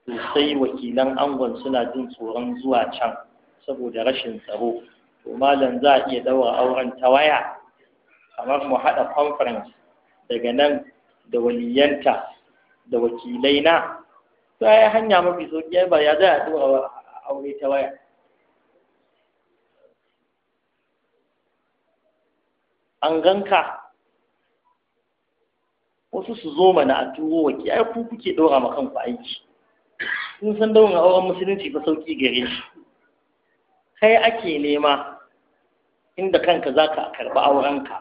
to sai wakilan angon suna jin tsoron zuwa can saboda rashin tsaro to malam za a iya daura auren ta waya kamar mu haɗa conference daga nan da waliyanta da wakilai na to ai hanya mafi sauki ba ya za a daura aure ta waya an ganka wasu su zo mana a tuwo waki ai ku kuke ɗora ma kanku aiki kun san daun auren musulunci fa sauki gare shi kai ake nema inda kanka za ka karɓi aurenka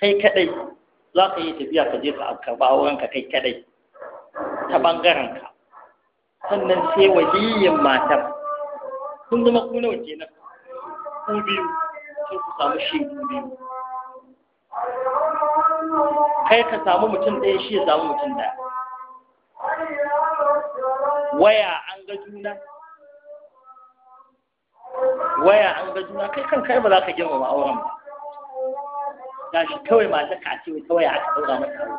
kai kaɗai za ka yi tafiya ka je ka karɓi aurenka kai kaɗai ta ɓangarenka sannan sai waliyin matar kun zama kuna nawa kenan ku biyu sai ku samu shi biyu kai ka samu mutum ɗaya shi ya samu mutum ɗaya waya an ga juna waya an ga juna kai kan kai ba za ka girmama auren ba shi kawai mata ka ce ta waya aka ɗaura maka aure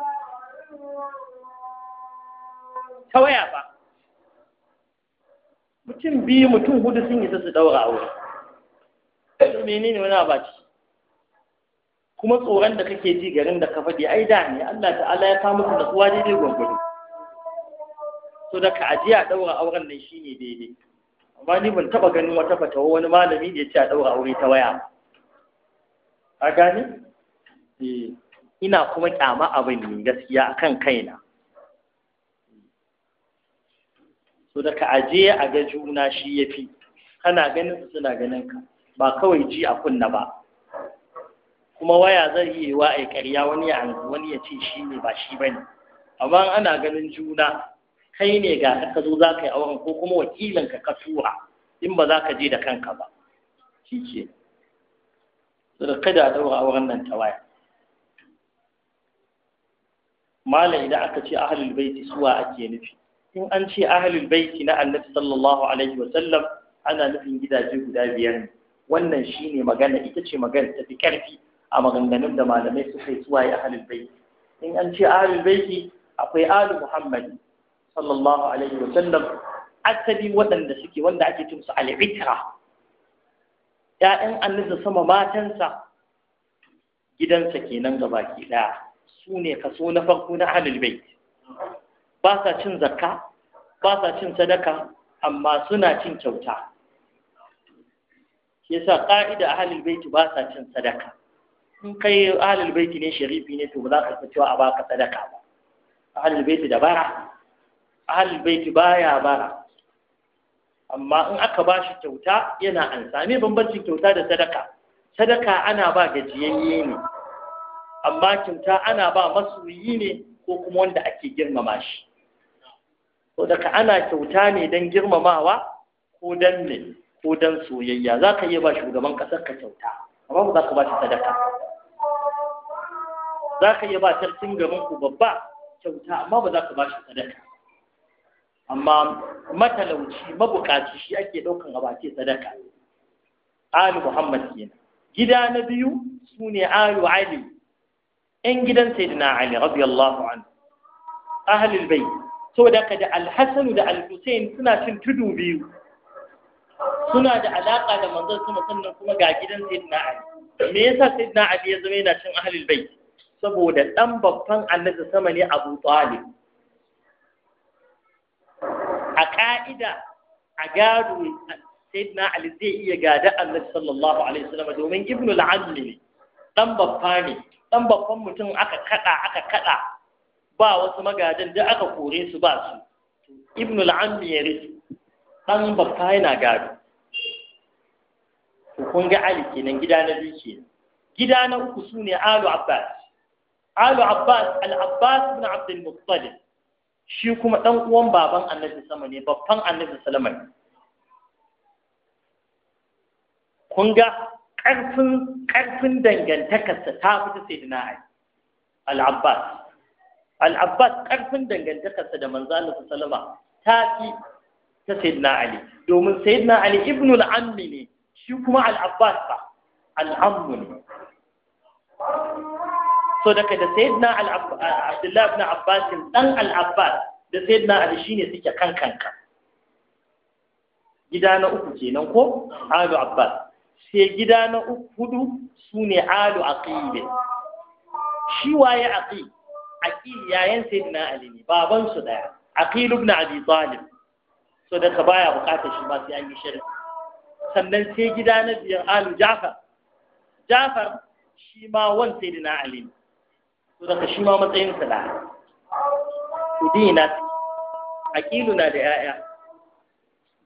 ta waya ba mutum biyu mutum hudu sun yi ta su ɗaura aure menene wani abaci kuma tsoron da kake ji garin da ka faɗi ai da ne Allah ta'ala ya samu da kuwa daidai gwangwani. to da ka ajiya ɗaura auren nan shine daidai amma ni ban taɓa ganin wata fatawa wani malami da ya ce a ɗaura aure ta waya a Eh ina kuma kyama abin ne gaskiya akan kaina to da ka ajiya a ga juna shi yafi kana ganin su suna ganin ka ba kawai ji a kunna ba kuma waya zai yi wa a ƙarya wani ya wani ya ce shi ne ba shi bane amma ana ganin juna kai ne ga ka zo za ka yi auren ko kuma wakilin ka ka tura in ba za ka je da kanka ba shi ce da kada a ɗaura auren nan ta waya malam idan aka ce ahlul baiti suwa ake nufi in an ce ahlul baiti na annabi sallallahu alaihi wa sallam ana nufin gidaje guda biyar ne wannan shine magana ita ce magana ta fi ƙarfi a maganganun da malamai suka yi suwaye ahlul bait in an ce ahlul bait akwai alu muhammad sallallahu alaihi wa sallam asali waɗanda suke wanda ake cin al'itra ‘ya'yan annabi sama matansa gidansa kenan gaba ke ɗaya su ne kaso na farko na halin bait ba sa cin zakka ba sa cin sadaka amma suna cin kyauta shi yasa ƙa'ida halin bait ba sa cin sadaka in kai ahlul baiti ne sharifi ne to ba za ka fi cewa a baka sadaka ba ahlul baiti da bara ahlul baiti baya bara amma in aka ba shi kyauta yana an same bambancin kyauta da sadaka sadaka ana ba gajiyayye ne amma kyauta ana ba masoyi ne ko kuma wanda ake girmama shi to daga ana kyauta ne don girmamawa ko don ne ko don soyayya za ka iya ba shugaban ƙasar ka kyauta amma ba za ka ba shi sadaka za ka iya ba sarkin gaban ku babba kyauta amma ba za ka ba shi sadaka amma matalauci mabukaci shi ake ɗaukan a bace sadaka ali muhammad kenan gida na biyu su ne ayu ali ‘yan gidan sayyidina ali radiyallahu anhu ahlul bai saboda ka da alhassanu da al alhussein suna cin tudu biyu suna da alaƙa da manzon sama sannan kuma ga gidan sayyidina ali me yasa sayyidina ali ya zama yana cin ahlul bai saboda ɗan babban annabi sama ne abu talib a ƙa'ida a gado sayyidina ali zai iya gada annabi sallallahu alaihi wasallam domin ibnu al-azmi ne dan babba ne ɗan babban mutum aka kada aka kada ba wasu magadan da aka kore su ba su ibnu al-azmi ya risu ɗan babba yana gado to kun ga ali kenan gida na biyu kenan gida na uku sune alu abbas alu abbas al-abbas ibn abd al-muttalib shi kuma ɗan uwan baban annabi sama ne babban annabi sallama kun ga ƙarfin ƙarfin dangantakarsa ta fita sai dina ai al-abbas al-abbas ƙarfin dangantakarsa da manzo Allah salama ta fi ta sayyidina ali domin sayyidina ali ibnul al’ammi ne shi kuma al-abbas ba al ne so daga da na uh, abdullahi ibn abbas dan al-abbas da na ali shine suke kan kanka gida na uku kenan ko alu abbas sai gida na uku hudu sune alu aqibe shi waye aqi aqi yayin na ali ne baban su daya aqil ibn abi talib so daga baya bukatar shi ba sai an yi shirin sannan sai gida na biyar alu jafar jafar shi ma wan na ali ne to daga shi ma matsayin sa da kudi na Akilu na da yaya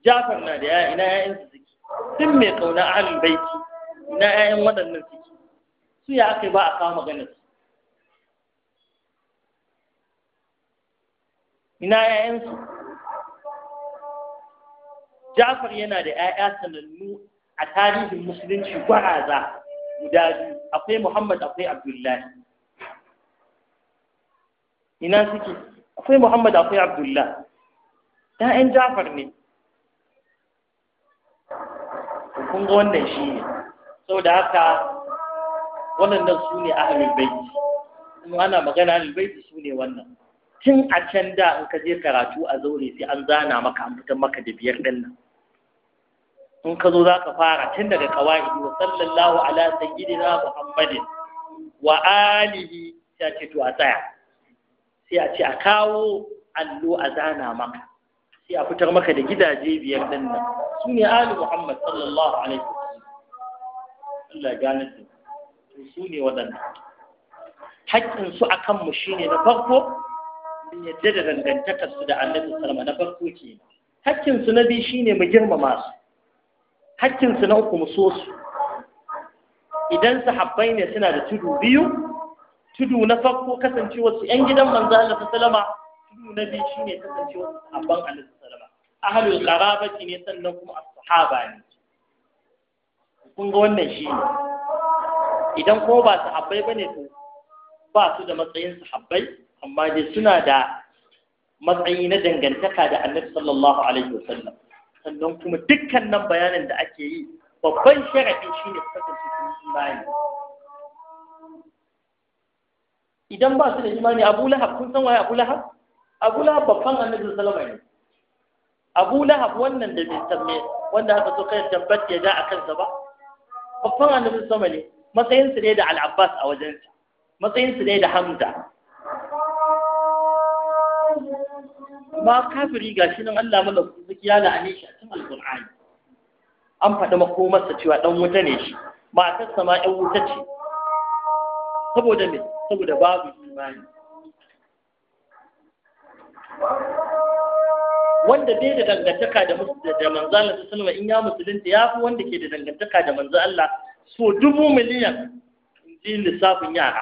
jafar na da yaya ina yayan su suke Sun mai kauna ahlul baiki ina yayan waɗannan suke su ya aka ba a kawo su ina yayan su Jafar yana da ‘ya'ya sanannu a tarihin musulunci gwaraza guda biyu akwai Muhammad akwai Abdullahi ina suke akwai Muhammad akwai Abdullah yan Jafar ne kun ga wannan shi ne saboda haka waɗannan su ne ahlul baiti kuma ana magana ahlul baiti su ne wannan tun a can da in ka je karatu a zaure sai an zana maka an fitar maka da biyar ɗin nan in ka zo za ka fara tun daga kawai wa sallallahu ala sayyidina muhammadin wa alihi ya ce to a tsaya sai a ce a kawo allo a zana maka sai a fitar maka da gidaje biyar din nan su ne ali muhammad sallallahu alaihi wasallam Allah gane su to su ne waɗannan haƙƙin su akan mu shine na farko mun yadda da dangantakar su da annabi sallama na farko ke. haƙƙin su na biyu shine mu girmama su haƙƙin su na uku mu so su idan sahabbai ne suna da tudu biyu tudu na farko kasance wasu ‘yan gidan manzo Allah ta salama tudu na biyu shine kasance wasu sahabban Allah ta salama ahalul qarabati ne sannan kuma as-sahaba ne kun ga wannan shi ne idan ko ba sahabbai bane to ba su da matsayin sahabbai amma dai suna da matsayi na dangantaka da annabi sallallahu alaihi wasallam sannan kuma dukkan nan bayanin da ake yi babban sharafi shine kasance sun imani idan ba su da imani abu lahab kun san waye abu lahab abu lahab babban annabi alaihi ne abu lahab wannan da bai san wanda aka so kai tabbat ya da akan sa ba babban annabi alaihi ne matsayin su ne da al-abbas a wajen sa matsayin su ne da hamza ma kafiri gashi nan Allah mala zaki ya la'ane shi a al alqur'ani an faɗi makomarsa cewa dan wuta ne shi matarsa ma ɗan wuta ce saboda me saboda babu imani wanda bai da dangantaka da da manzo Allah sallallahu in ya musulunta ya fi wanda ke da dangantaka da manzo Allah so dubu miliyan in ji lissafin yara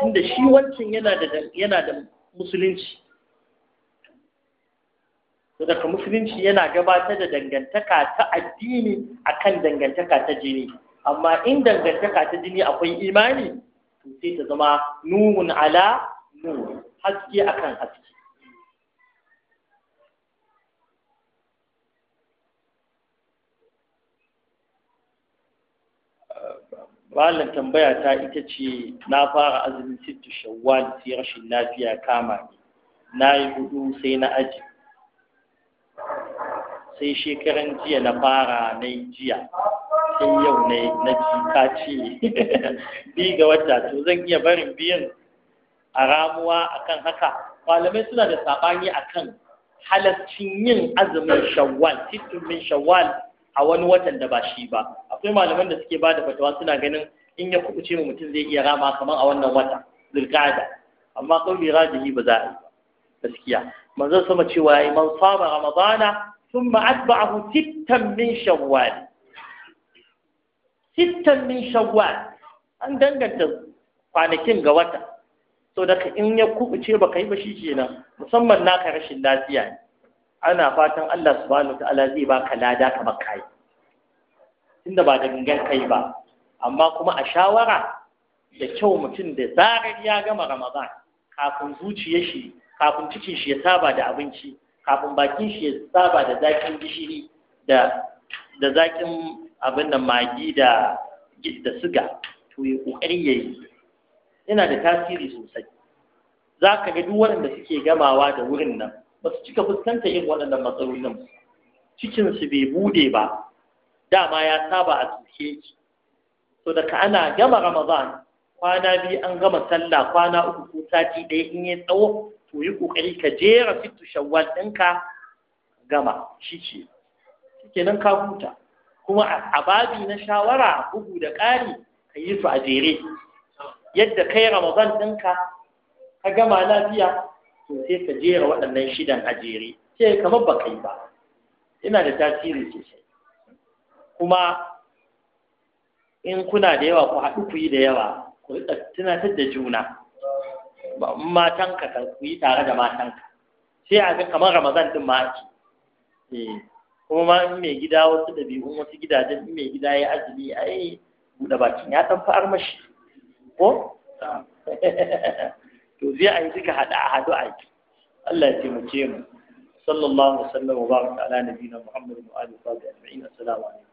tunda shi wancan yana da yana da musulunci daga musulunci yana gabatar da dangantaka ta addini akan dangantaka ta jini amma in dangantaka ta jini akwai imani to sai ta zama nurun ala nur haske akan haske Malam tambaya ta ita ce na fara azumin sittu shawwal sai rashin lafiya kama ni na yi hudu sai na aji sai shekaran jiya na fara na jiya sai yau ne na ji ce bi ga wata to zan iya barin biyan a ramuwa akan haka malamai suna da sabani kan halaccin yin azumin shawwal titunmin shawwal a wani watan da ba shi ba akwai malaman da suke ba da fatawa suna ganin in ya kuɓuce mu mutum zai iya rama kamar a wannan wata zirgada amma kauli rajihi ba za a yi ba gaskiya manzon sama cewa ya yi man sama ramadana thumma atba'ahu sittan min shawwal sittan min shawwal an danganta kwanakin ga wata so daga in ya kubuce baka yi ba shi kenan musamman naka rashin lafiya ne ana fatan Allah subhanahu ta'ala zai baka lada kamar kai inda ba da gangan kai ba amma kuma a shawara da kyau mutum da zarar ya gama Ramadan kafin zuciyar shi kafin cikin shi ya saba da abinci kafin bakin shi ya saba da zakin gishiri da da zakin abin da magi da da siga to ya kokari yana da tasiri sosai za ka ga duk waɗanda suke gamawa da wurin nan ba su cika fuskantar yin waɗannan matsalolin cikinsu bai bude ba dama ya saba a tuke shi to daga ana gama ramadan kwana biyu an gama sallah kwana uku ko sati ɗaya in yi tsawo to yi ƙoƙari ka jera fitu shawwal ɗinka gama shi ce kenan ka huta kuma a babi na shawara bugu da ƙari ka yi su a jere yadda kai ramadan ɗinka ka gama lafiya to sai ka jera waɗannan shidan a jere sai kamar ba kai ba yana da tasiri sosai kuma in kuna da yawa ku haɗu ku yi da yawa ku riƙa tunatar da juna matanka ka ku yi tare da matanka sai a ga kamar ramadan ɗin ma ake eh. kuma ma in mai gida wasu ɗabi'un wasu gidajen in mai gida ya azumi ai buɗe bakin ya ɗan fa'ar mashi ko to zai a yi duka haɗa a haɗu a yi Allah ya taimake mu sallallahu alaihi wasallam wa baraka ala nabiyina muhammadin wa alihi wa sahbihi ajma'in assalamu alaikum